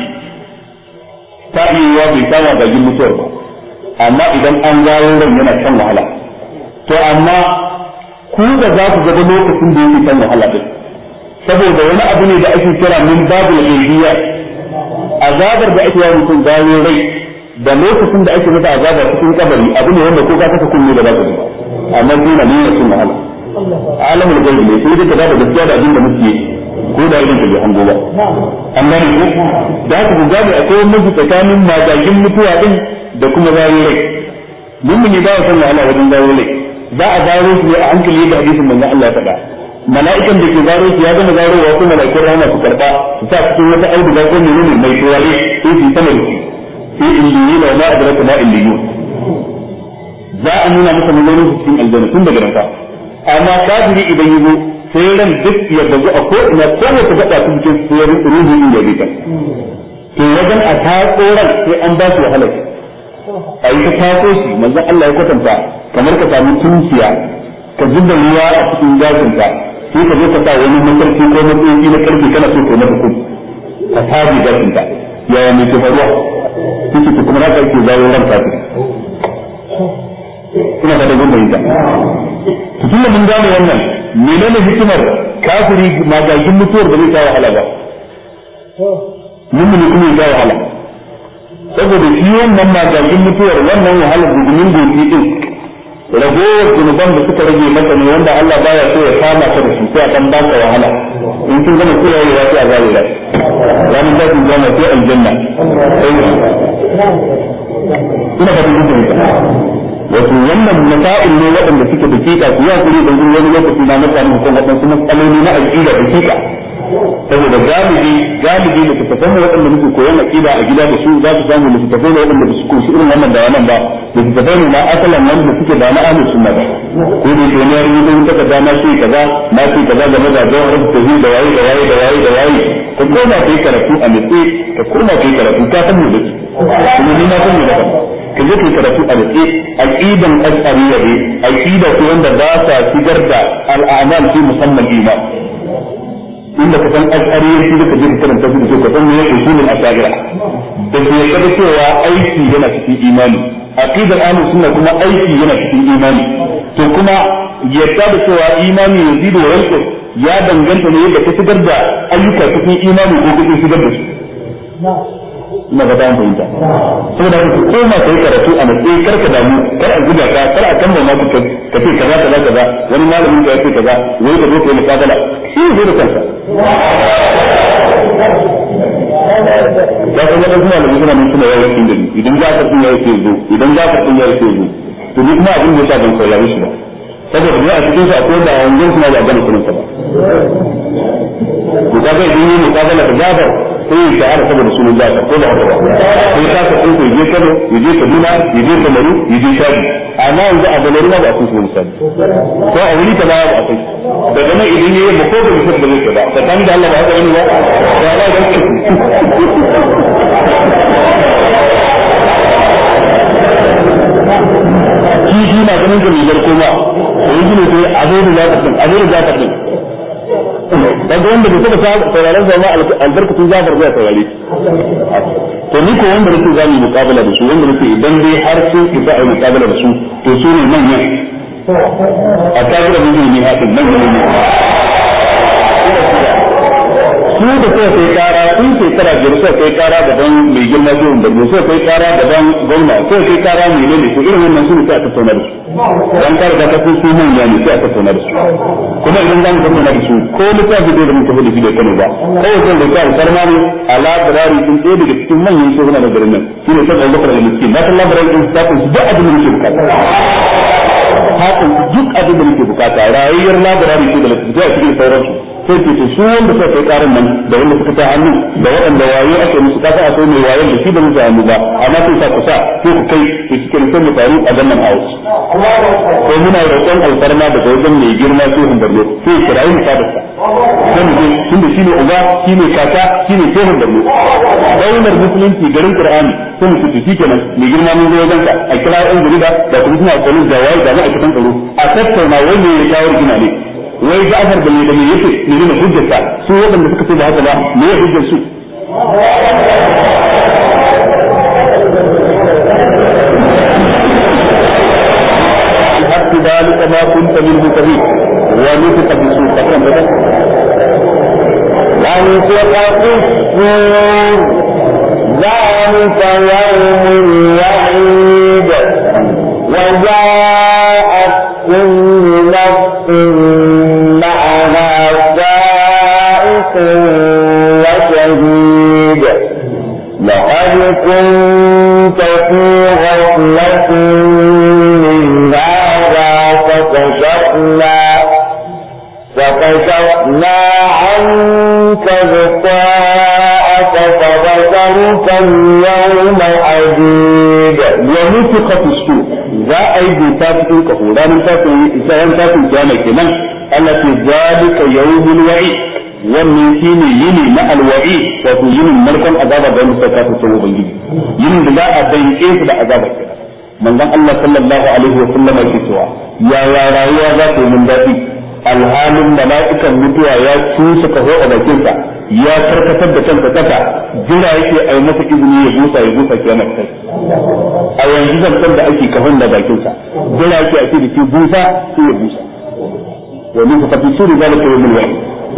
ta iya yiwa bai samu ga gini mutuwar ba amma idan an zaro rai yana kan wahala to amma ku da za ku gaba lokacin da yake kan wahala din saboda wani abu ne da ake kira min babu al-ilhiya azabar da ake yawo mutum bayan rai da lokacin da ake masa azaba cikin kabari abu ne wanda ko ka kasa kunne da zaka ka ji amma dole ne ya cin wahala alamul gaibi ne sai da ka gaskiya da abin da muke ko da irin da bai hango ba amma ne da haka ku gane akwai mafi tsakanin magagin mutuwa din da kuma bayan rai mummuni ba san wahala wajen bayan rai za a zaro shi a hankali da hadisin manzon Allah ta faɗa mala'ikan da ke zaro shi ya gama zarowa ko kira rana su karɓa su sa cikin wata auduga ko ne mai turare sai su yi sama da shi fi illiyyin wa ma adraka ma illiyyun za a nuna masa mazaunin su cikin aljanna tun daga ranka amma kafiri idan yi sai ran duk ya bazu a ko ina ta gaba sun ce sai ruhu ya bi ta to wajen a tatso ran sai an ba su wahala a yi ta tatso shi manzon Allah ya kwatanta kamar ka samu tunkiya ka zuba ruwa a cikin gashinka sai ka zo ka sa wani mafarki ko matsayi na karfi kana so ko na hukum ka tabi gashinka ya yaya mai ke faruwa kike ki kuma haka yake zawo ran ka ina da gun bayyana to tunda mun gane wannan menene hikimar kafiri magagin mutuwar da zai kawo wahala ba mummuni kuma ya wahala saboda shi wannan magagin mutuwar wannan wahalar gudumin gobe din ragowar zunuban da suka rage masa ne wanda Allah baya so ya kama ka da su sai a kan ba ka wahala in kin gama kira ya sai a zalila ranar zafin zama sai aljanna ina ba ta yi wasu wannan masa'il ne waɗanda suke da kika su ya kuri da wani lokaci na mutane kan waɗansu matsaloli na aƙida da kika saboda galibi galibi da ta tafi waɗanda muke koyon aqida a gida da su za su samu da tafi waɗanda ba su koyi irin wannan da wannan ba da su tafi ne na asalan wanda suke da na ahlus sunna ba ko ne to ne rubuta mun taka da na shi kaza na shi kaza game da jawhar tauhid da waye da waye da waye da waye ka koma kai karatu a nitsi ka koma kai karatu ka san mu da kuma ni na san mu da ka je kai karatu a nitsi aqidan asariya ne aqida ko wanda ba sa shigar da al'amal fi musamman iman inda ka san ashari shi da ka je karanta su da ka san me yake shine ashariya da ke kada cewa aiki yana cikin imani aqidar ahlus sunna kuma aiki yana cikin imani to kuma yadda da cewa imani yazidu wa yanqus ya danganta ne yadda ka shigar da ayyuka cikin imani ko kuma shigar da su ina ga bayan fahimta saboda haka koma kai karatu a nan eh karka damu kar a guda ka kar a kammala ku kai ka ce kaza kaza kaza wani malamin ka yace kaza wani ka zo kai mukabala shi zai da kansa ya san yadda kuma da mutuna mun suna yayin inda idan za ka tun yayin sai zo idan za ka tun yayin sai zo to ni kuma abin da ya ban koya mishi ba saboda ni a cikin sa akwai da yanzu kuma ba gane kuma ba ku ga idan yi mukabala da gabar sai ya shahara saboda sunan Jafar ko da haka ba ta ka ka kunku je Kano ya je Kaduna ya je Kamaru ya je Shadi amma yanzu a Balerin ba a kun sunan Shadi ko a wuri ta ba ba a kai daga nan idan yayi ba ko da mutum da zai ba tsakanin da Allah ba haka yana ba ya ba da kishi na ganin jami'ar koma yanzu ne sai a zai da zaka din a zai da zaka din kaga wanda bai taba sauraron sa ba albarkatun Jafar zai saurare shi to ni ko wanda nake zamu muqabala da su wanda nake idan dai har sun isa a muqabala da su to su ne manyan a kafira mun ne hakan nan ne su da suka sai ke tara biyar suka kai kara gaban mai girma da zuwan bargo suka kai kara gaban gwamna suka kai kara mai ne ko irin wannan sun sai aka tauna da su dan kar da kafin su mun yani sai aka tauna da su kuma idan zan ga tauna da su ko littafi da mun tafi da shi da kano ba kai zan da kan karma ne ala darari din ɗaya daga cikin manyan shugaba na garin nan shine sai Allah ya miskin ba Allah barai su da ku da abin da kuka bukata hakan duk abin da kuka bukata rayuwar labarari ko da lafiya cikin sauransu sai ce to su wanda suka kai karin nan da wanda suka ta hannu da waɗanda waye ake musu kasa a sai mai wayen da shi da musu hannu ba amma sai sa kusa ko ku kai ku cikin sai mu taru a gannan a wasu ko muna roƙon alfarma daga wajen mai girma sai hun barno sai kira yin sadarsa sai mu tun da shine uba shine kaka ne sai hun barno daular musulunci garin qur'ani sai mu tuti nan mai girma mun zo wajen ka a kira yan jarida da kuma suna kwalin da waye da ma'aikatan tsaro a tattauna wani ya kawo rigina ne wai Ja'far da mai da mai yake ne ne hujjarsa su waɗanda suka ce da haka ba me ya hujjar su ذلك ما كنت منه كبير ونفق بالسوق فكم بدأ وانفق بالسوق ذلك يوم ran kafin kiyama kenan Allah ce zalika yawmul wa'id wannan shine yini na alwa'i wato yinin markon azaba da wanda suka kafin ubangiji yinin da za a danke su da azaba kenan manzon Allah sallallahu alaihi wa sallam yake cewa ya rayuwa za ta yi mun daɗi alhalin mala'ikan mutuwa ya cusa kaho a bakinsa ya karkatar da kansa kasa jira yake a masa izini ya busa ya busa kiyama kai a yanzu zan da ake kahon da bakinsa jira yake ake da shi busa sai ya busa wa min fa tisiru zalika yawmul wa'id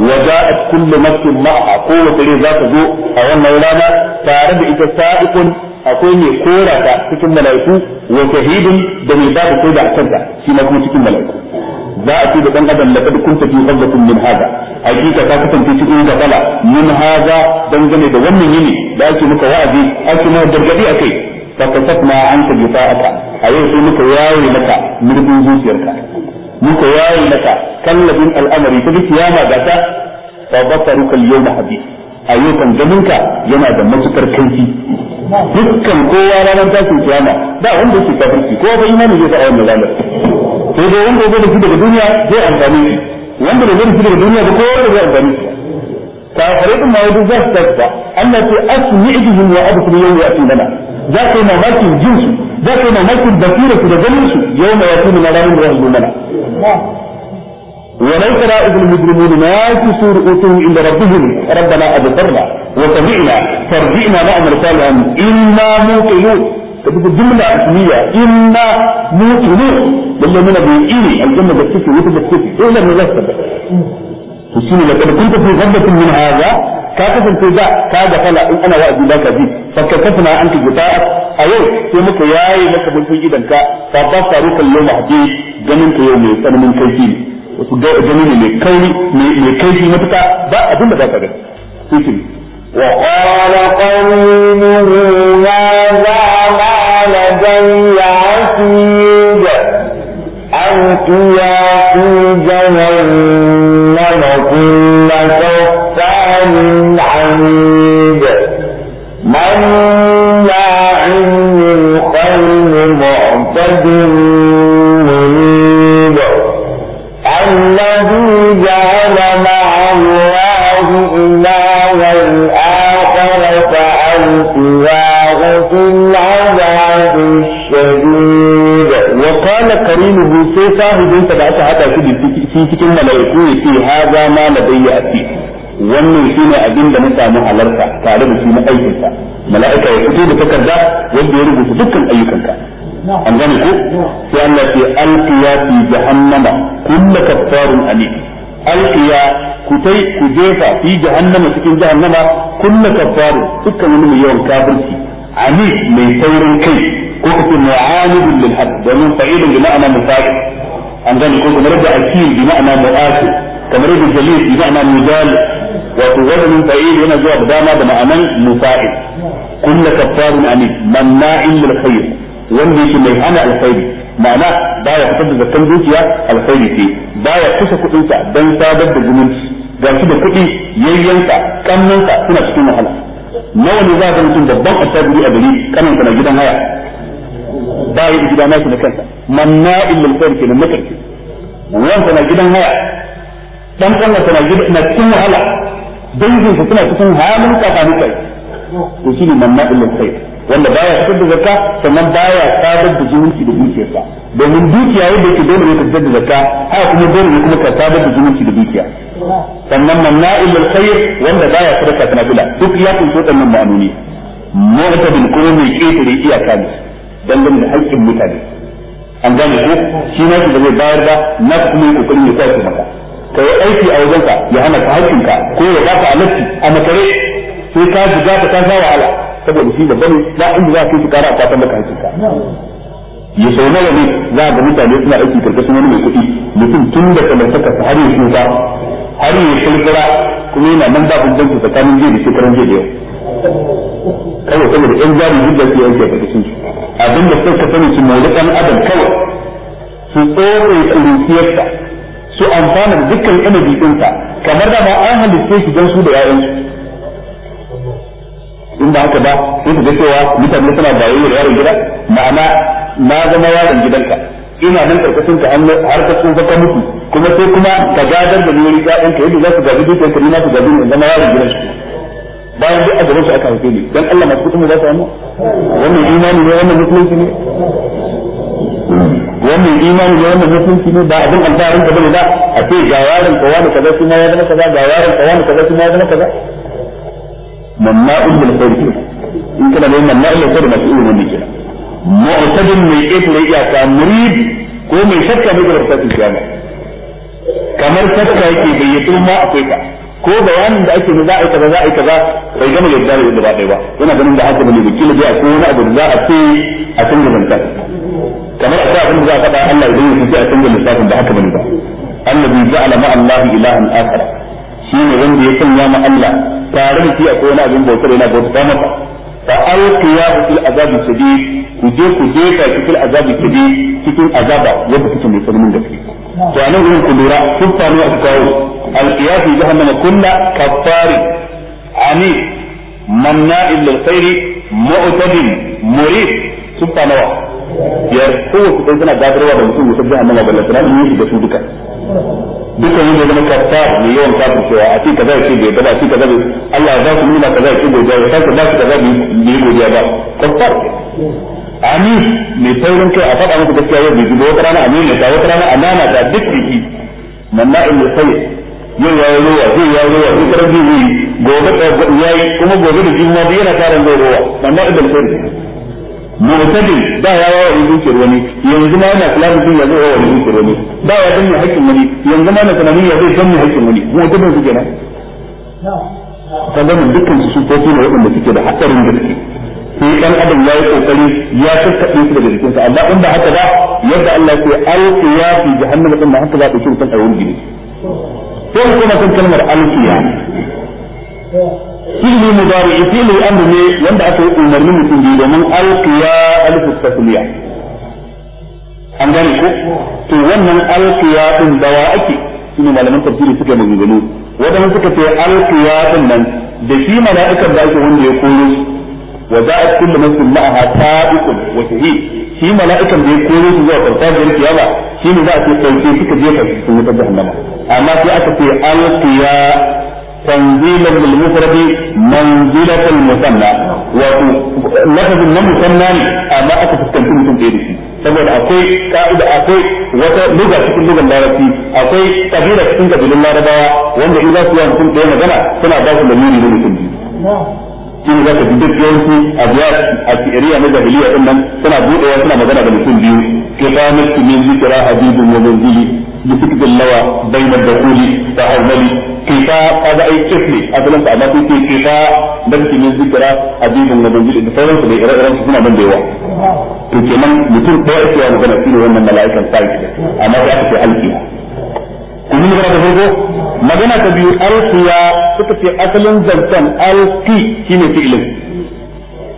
wa ja'at kullu nafsin ma'a kowace rai za ta zo a wannan rana tare da ita sa'iqun akwai mai kora ta cikin mala'iku wa shahidun da mai ba da shaida a kanta shi ma kuma cikin mala'iku za a ce da dan adam laqad kunta fi ghadwatin min hada hakika ka kasance hada dangane da wannan yini da ake muka wa'azi ake ma gargadi akai fa anka bifa'aka a yau sai muka yaye maka mirbin zuciyarka muka yaye maka kallabin al'amari ta kiyama ga ta fa basaruka yau yawma habib a yau kan ganinka yana da matukar kaifi dukkan kowa ranar tashin kiyama ba wanda yake kafirci kowa ba imani zai sa wannan ranar sai dai wanda ya da shi daga duniya zai amfani wanda bai da shi daga duniya ba kowa zai amfani kafirai din ma wani zai sa Allah ce asmi'ihim wa absir yawma yatina ذاك ما مات الجنس ذاك ما مات البكيرة لجنس يوم يكون ملام الرجل ملا وليس رائد المجرمون ما تسور أتوه إلا ربهم ربنا أبطرنا وتبعنا فارجئنا نعمل صالحا إنا موقنون تبقى جملة أسمية إنا موقنون بل من أبو إلي الجنة بكتك وتبكتك إلا من الله تبقى تسيني لكن كنت في غضة من هذا ka kasance da ka gafala in ana wa'azi ba ka ji fakka kafna an ka a yau sai muka yaye maka mulkin idan ka fa ba kan yawma mahdi ganin ka yau mai tsananin kaifi wasu ne mai kauri mai kaifi ba abin da za ka ga wa yace haza ma ladayya ati wannan shine abin da na samu halarta tare da shi na aikinsa mala'ika ya fito da takarda wanda ya rubuta dukkan ayyukanka an gane ko sai Allah ce alqiya fi jahannama kullu kaffarun alim alqiya kutai ku jefa fi jahannama cikin jahannama kullu kaffarun dukkan wani mai yawan kafirci alim mai saurin kai ko kuma mu'anidun lil haqq domin fa'ilun bi ma'ana mufa'il an gane ko kuma rabba akil bi ma'ana mu'asil kamar yadda jalil bi ma'ana mudal wato wazanin fa'il yana zuwa da dama da ma'anan mufa'il kullu kaffarun amin manna'in lil khair wanda yake mai hana alkhairi ma'ana baya kusa da zakkan dukiya alkhairi ce baya kusa kuɗin sa don sadar da zumunci ga shi da kuɗi yayyanka kannansa suna cikin wahala nawa ne za ka mutum babban asabiri a gari kanansa na gidan haya ba ya da gida nashi na kansa manna illal khair kenan makarfi wanda na gidan haya dan Allah tana gida na cikin wahala dangin su suna cikin halin kafani kai to shine manna ilal khair wanda baya fitar da zakka sannan baya sabar da zumunci da dukiyarsa domin dukiya yadda yake dole ne ka fitar da zakka haka kuma dole ne kuma ka sabar da zumunci da dukiya sannan manna ilal khair wanda baya sadaka kana bila duk ya kunshi wadannan ma'anoni mu'tadin kuma mai ƙetare iyaka ne dangane da haƙƙin mutane an gane ko shi ne shi da zai bayar da na kuma yi kokarin ya kwace maka ka yi aiki a wajenka ya hana ka haƙƙinka ko ya ba ka alaski a makare sai ka za ka ta zawa ala saboda shi babban ba inda za ka yi kara a kwatan maka haƙƙinka ya sau nawa ne za a ga mutane suna aiki karkashin wani mai kuɗi mutum tun da samartaka ta har ya shuka har ya kirkira kuma yana nan ba bambanci tsakanin jiya da shekaran jiya da yau kawai saboda yan jari yadda su yanke a karkashin su abinda sai ka sani su mawuɗi ɗan adam kawai su tsotsai tsurukiyarsa su amfana da dukkan inabi dinsa kamar da ba an halitta shi don su da yayin su in ba haka ba sai ka ga cewa mutane suna bayayya da yaron gida ma'ana na zama yaron gidanka ina nan karkashin ka har ka tsufa ka mutu kuma sai kuma ka gadar da wuri ƴaƴan ka yadda za su gaji dukkan ka ni su gaji da zama yaron gidan su bayan duk a gaban su aka haife ni dan Allah masu kuɗin da za su wannan imani ne wannan musulunci ne wannan imani da wannan mutunci ne ba abin alfarin da bane da a ce ga yaron ka wani kaza shi ma ya zama kaza ga yaron ka wani kaza shi ma ya zama kaza mamma'un bil khair in kana da mamma'un bil khair masu ilimin ne Mu mu'tadin mai ya ta murid ko mai shakka ne da rasatin kiyama kamar shakka yake bayyana ma akwai ka ko bayanin da ake za a yi kaza za a yi kaza bai gama yadda da yadda ba ɗaya ba yana ganin da haka bane wakili bai akwai wani abu da za a ce a canza zantar kamar a sa abin da za a faɗa Allah idan ya fi a canza lissafin da haka bane ba Allah bai ja'ala ma Allah ilahan akhar shi ne wanda ya sanya ma Allah tare da shi a ko wani abin bautar yana bautar masa fa alqiyahu fil azabi shadid ku je ku je ka fil azabi shadid cikin azaba yadda suke mai tsananin gaske to nan gurin ku lura sun ne a kawo al jahannama kullu kafari ani manna lil khairi mu'tadin murid tuffa nawa biyar kowace ɗan suna gadarwa da mutum mutum jahannama ballantana in yi da su duka dukkan yin zama karta mai yawan kafin cewa a ce kaza ce bai gaba a ce kaza Allah ya su nuna kaza ce bai gaba ya ka za su kaza bai godiya ba karta amin mai taurin kai a faɗa muku gaskiya yau bai ji wata rana amin ta wata rana amana ta duk jiki manna in ya sai yau ya yi ruwa zai ya yi ruwa duk ran zai yi gobe da ya yi kuma gobe da juma da yana tarin zai ruwa manna in da sai mu'tadil da ya wawa in zuke wani yanzu ma yana kula mutum ya zai wawa in zuke wani da ya danne haƙƙin wani yanzu ma na tunanin ya zai danne haƙƙin wani mu'tadil su kenan kaga mun dukkan su su kofi ne waɗanda suke da hatsarin gaske sai dan adam yayi kokari ya tattabe su daga jikinsa amma in ba haka ba yadda Allah ke alqiya fi jahannam din ma haka za ta kirkin a wurin sai kuma kan kalmar alqiya fi'li mudari fi'li amr ne wanda aka yi umarni mutum bi domin alqiya alif tasliya an gane ko to wannan alqiya din dawa ake shine malaman tafsiri suka maganganu wadanda suka ce alqiya din nan da shi mala'ikan da ake wanda ya koyo wa ja'at kullu nafsin ma'aha ta'iqun wa shahid shi mala'ikan da ya koro su zuwa farfajiyar kiyama shi ne za a ce sauke suka je ka cikin jahannama amma sai تنزيلا بالمفرد منزلة المثنى ولفظ المثنى أما أتفكرت من غيره saboda akwai ka'ida akwai wata luga cikin lugan larabci akwai kabila cikin kabilun larabawa wanda in za su yi mutum ɗaya magana suna ba su da nuni da mutum biyu shi ne zaka duk yawanci a biya a tsiriya na jahiliya din nan suna budewa suna magana da mutum biyu ke ba mutum min zikra habibun wa da bi da lawa bayna dakhuli fa awmali kifa kaga ai kifli asalin ka amma kuke kifa da mutum min zikra habibun wa manzili da sauran su da ire-iren su suna nan da yawa to kenan mutum ɗaya ake yawa magana shi ne wannan mala'ikan sai amma sai aka ce alkiya kun yi magana da farko magana ta biyu alfiya suka ce asalin zancen alfi shine fi'ilin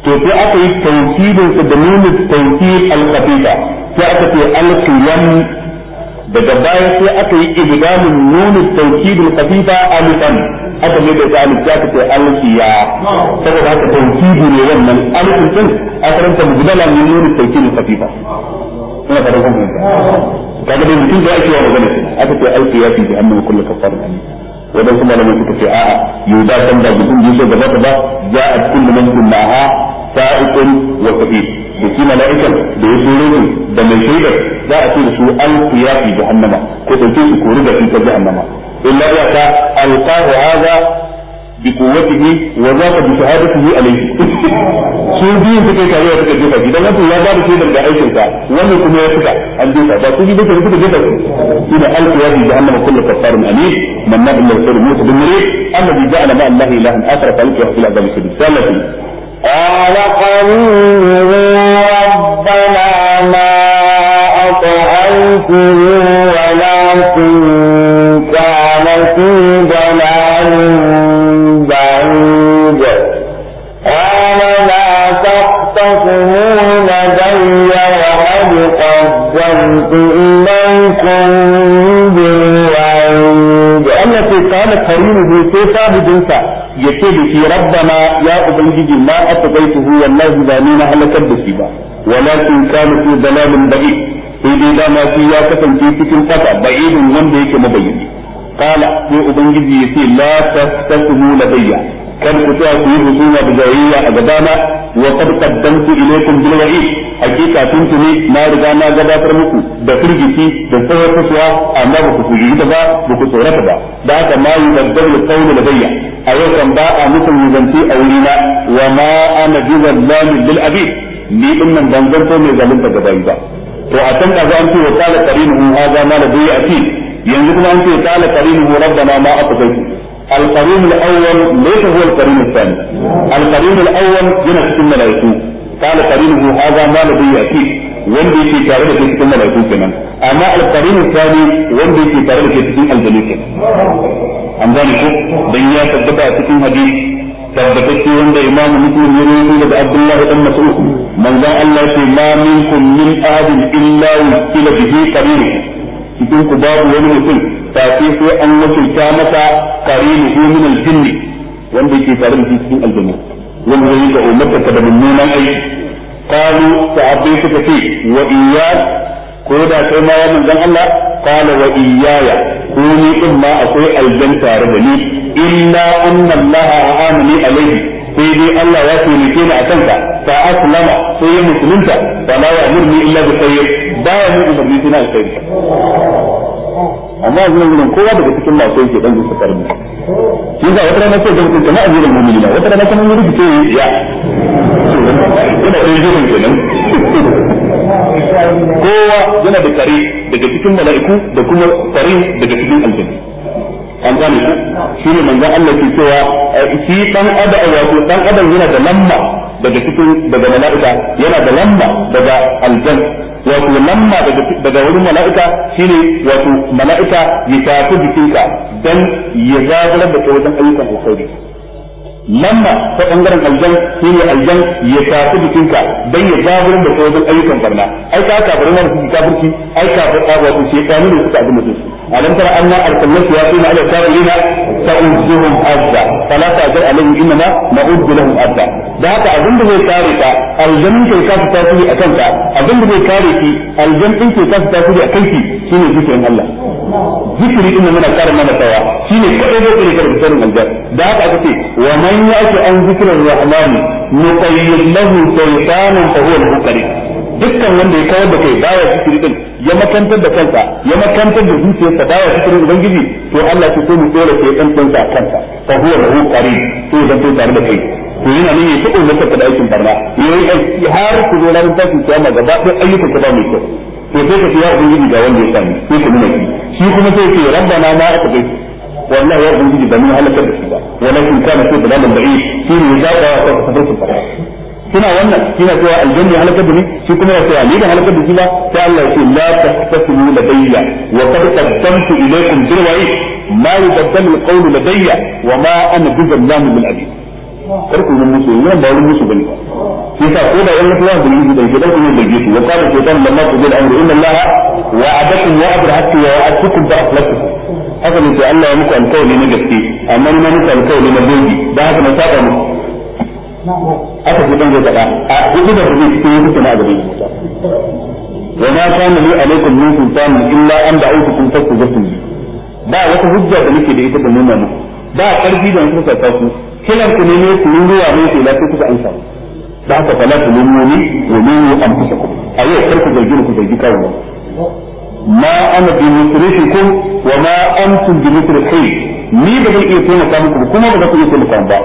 to sai aka yi tawkidin sa da nuna tawkid al sai aka ce alfiyan daga baya sai aka yi ibidamin nuna tawkid al alifan aka mai da ta alif aka ce alfiya saboda haka tawkidi ne wannan alifin din asalin ta mujmala ne nuna tawkid al ina fara kun kaga dai mutum da ake wa magana kenan aka ce alki ya fi bi kullu kafarin amin wadan kuma malaman suka ce a'a yuda san da mutum yake gaba ta ba za a kullu man kullaha sa'iqun wa qabil da shi mala'ikan da ya tsoro da mai shaidar za a ce da su alki ya fi jahannama ko ke su kori da ita jahannama illa ya ta alqahu hadha بقوته وذاق بشهادته عليه su biyun suka yi tarewa suka jefa shi dan wato ya ba da shaidar da aikin sa wannan kuma ya suka an a ba su biyu suka suka jefa su ina alqiya bi jahannam kullu kaffarin alim man nabi lahu sirru mutu bin murid alladhi ja'ala ma allahi ilahan akhar قال قومه ربنا ما أطعمته sai sahibinsa ya ce da shi rabbana ya ubangiji ma atqaituhu wallahi ba ni na halakar da shi ba walakin kana fi dalalin ba'i sai dai dama shi ya kasance cikin kasa ba'idin wanda yake mabayyani kala sai ubangiji ya ce la tastaqulu ladayya kan ku ta ku yi husuma da jayayya a gabana wa qad qaddamtu ilaykum bil wa'id hakika tuntuni na riga na gabatar muku da firgici da tsawarkuwa amma ba ku firgita ba ba ku tsorata ba da haka ma yubaddalu qawlu ladayya a yau kan ba a mutum yuzanci a wurina wa ma ana bi zallamin lil abid ni din nan ban zanto mai zalunta ba to a can kaza an ce wa qala qarinuhu hadha ma ladayya ati yanzu kuma an ce qala qarinuhu rabbana ma aqdaytu القرين الأول ليس هو القرين الثاني القرين الأول هنا في الملائكة قال قرينه هذا ما الذي يأتيك wanda yake tare da kai cikin malaiku kenan amma alqarinu tsani wanda yake tare da kai cikin aljanu an gane ko dan ya tabbata a cikin hadisi tabbatacce wanda imam muslim ya rawaito daga abdullahi dan mas'ud manzon Allah ce ma minkum min ahadin illa wukila bihi qarinu ku babu wani mutum ba sai an wakilta masa qarini hu min al-jinn wanda yake tare da cikin aljanna wanda zai ga ummata ka da mummunan aiki qalu sahabbai suka ce wa iyyak ko da kai ma wannan dan Allah qala wa iyyaya ko ni din ma akwai aljanna tare da ni illa anna Allah a'amani alayhi sai dai Allah ya taimake ni a kanka fa aslama sai ya musulunta fa la ya'murni illa bi khayr ba ya mu umarni sai na alkhairi amma a nan gurin kowa daga cikin masu yake dan zuwa karbi shi da wata rana ce da mutum kamar azirin mu'mini na wata rana kuma mun rubuce ya yana ɗan jirin kenan kowa yana da kare daga cikin mala'iku da kuma kare daga cikin aljanna an gane ku shi ne manzon Allah ke cewa eh, shi dan adam wato dan adam yana da lamma daga cikin daga mala'ika yana da lamma daga aljan wato lamma daga daga wurin mala'ika shine wato mala'ika ya tafi jikinka dan ya zagara da wajen ayyukan alkhairi lamma ta bangaren aljan shine aljan ya tafi jikinka dan ya zagara da wajen ayyukan barna ai ka ka barna su kafirci ai ka ka wato ka ne suka abin da su ألم ترى أن أرسلنا الشياطين على الكافرين تؤذهم أذى فلا تأجر عليهم إنما نؤذ لهم أذى ده هذا أظن به كارثة الجن الجنة كيف تأتي أتنك أظن به كارثة الجن الجنة كيف تأتي أكنت شنو ذكر الله ذكر إن من أكار من أتوا شنو كل ذكر كان بسر من الجنة ده هذا أكتي ومن يأتي عن ذكر الرحمن نقيد له شيطانا فهو له قريب dukkan wanda ya kawar da kai baya cikin din ya makantar da kansa ya makantar da zuciyarsa baya cikin ubangiji to Allah ya so mu dora sai dan kansa kanta fa huwa lahu qari to dan to tare da kai to yana ne ya taɓa masa da aikin barna yayi har ku zo ta ku kuma gaba da ayyukan ka ba mu ko to sai ka ya ubangiji ga wanda ya sani sai ku nuna shi kuma sai ce rabbana ma aka bai wallahi ya ubangiji ba mun halakar da shi ba walakin kana sai da lamun da'i shi ne ya zaɓa wa kansa ta farko kina wannan kina cewa aljanna ya halaka ni shi kuma ya cewa ni da halaka da shi ba sai Allah ya ce la taqtasimu ladayya wa qad qaddamtu ilaykum ma yubaddalu ladayya wa ma ana musu yin ba musu bane shi sa ko da wannan kuma da yi da shi da wa qala shaytan lamma qudil amru inna allaha wa'adakum wa'ada hatta wa'adtukum haka ne sai Allah ya muku alkawari na gaske amma ni ma muku na bogi da haka na saba muku aka ji dan gaba a hudu da hudu cikin wani kuma gaba wa ma kana li alaikum min sultan illa an da'utukum fastajabtum ba wata hujja da nake da ita da nuna muku ba karfi da kuka ta ku kiran ku ne ne ku ruwa ne ku lafi kuka ansa da haka fala ku lumuni wa min anfusakum ayi karku zargi ku zargi kawo ma ana bi musrifikum wa ma antum bi musrifi ni ba zan iya taimaka muku kuma ba za ku iya taimaka ba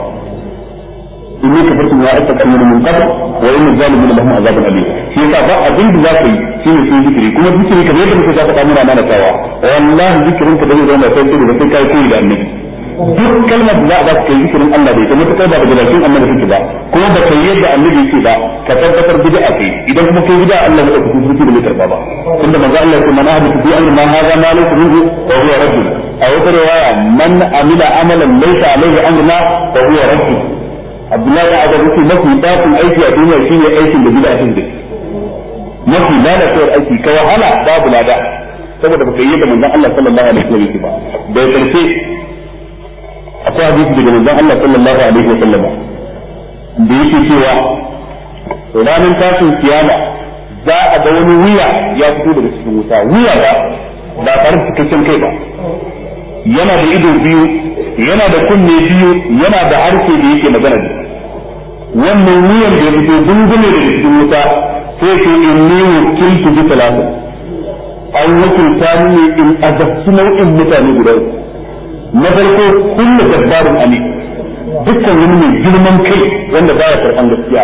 inni ya ma astaqamu min qabl wa inna zalimin lahum azabun alim shi yasa ba abin da zaka yi shine zikiri kuma zikiri kamar yadda muke zaka samu rana tawa wallahi zikirin ka da zai zama sai da sai kai koyi da annabi duk kalmar da za ka yi zikirin Allah bai ta mutakar ba da bakin annabi take ba kuma ba kai yadda annabi yake ba ka tabbatar bid'a kai idan kuma kai bid'a Allah ya dauki zuci da karba ba tunda manzo Allah ya ce mana hadu bi amri ma hadha ma laysa minhu wa huwa rabbuna a wata riwaya man amila amalan laysa alayhi amruna wa huwa rabbuna abdullahi da azabu ce mafi dafin aiki a duniya shine aikin da bid'a din dake mafi lalacewar aiki ka wahala babu lada saboda baka yi da manzon Allah sallallahu alaihi wa sallam ba da karshe akwai hadisi daga manzon Allah sallallahu alaihi wa sallam da yake cewa ranar tashin kiyama za a ga wani wuya ya fito daga cikin wuta wuya ba ba tare da cikakken kai ba yana da ido biyu yana da kunne biyu yana da harshe da yake magana da wannan wuyan da ya fito dungume da cikin wuta sai ke in ni wakiltu bi talata an wakilta ni in azabtu nau'in mutane guda na farko kullu jabbarin ali dukkan wani mai girman kai wanda baya karɓan gaskiya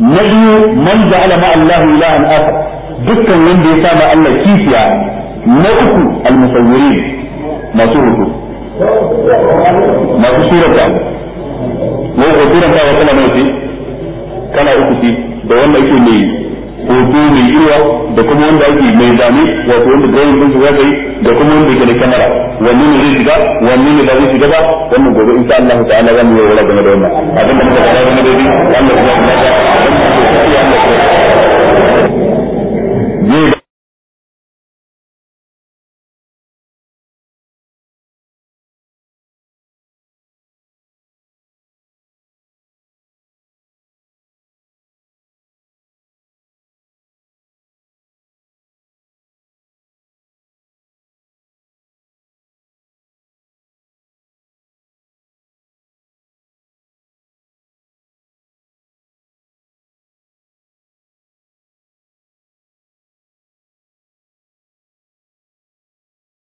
na biyu man ja'ala ma Allah ilahan akhar dukkan wanda ya sama Allah kifiya na uku al-musawwirin masu hoto masu surata abu ko surata wa kana nawa ce kana uku ce da wanda ake mai hoto mai da kuma wanda ake mai zane wato wanda drawing din su za da kuma wanda ke da kamera wanne ne zai shiga wanne ne ba zai shiga ba wannan gobe insha Allah ta'ala za yi wala game da wannan muka fara da Allah ya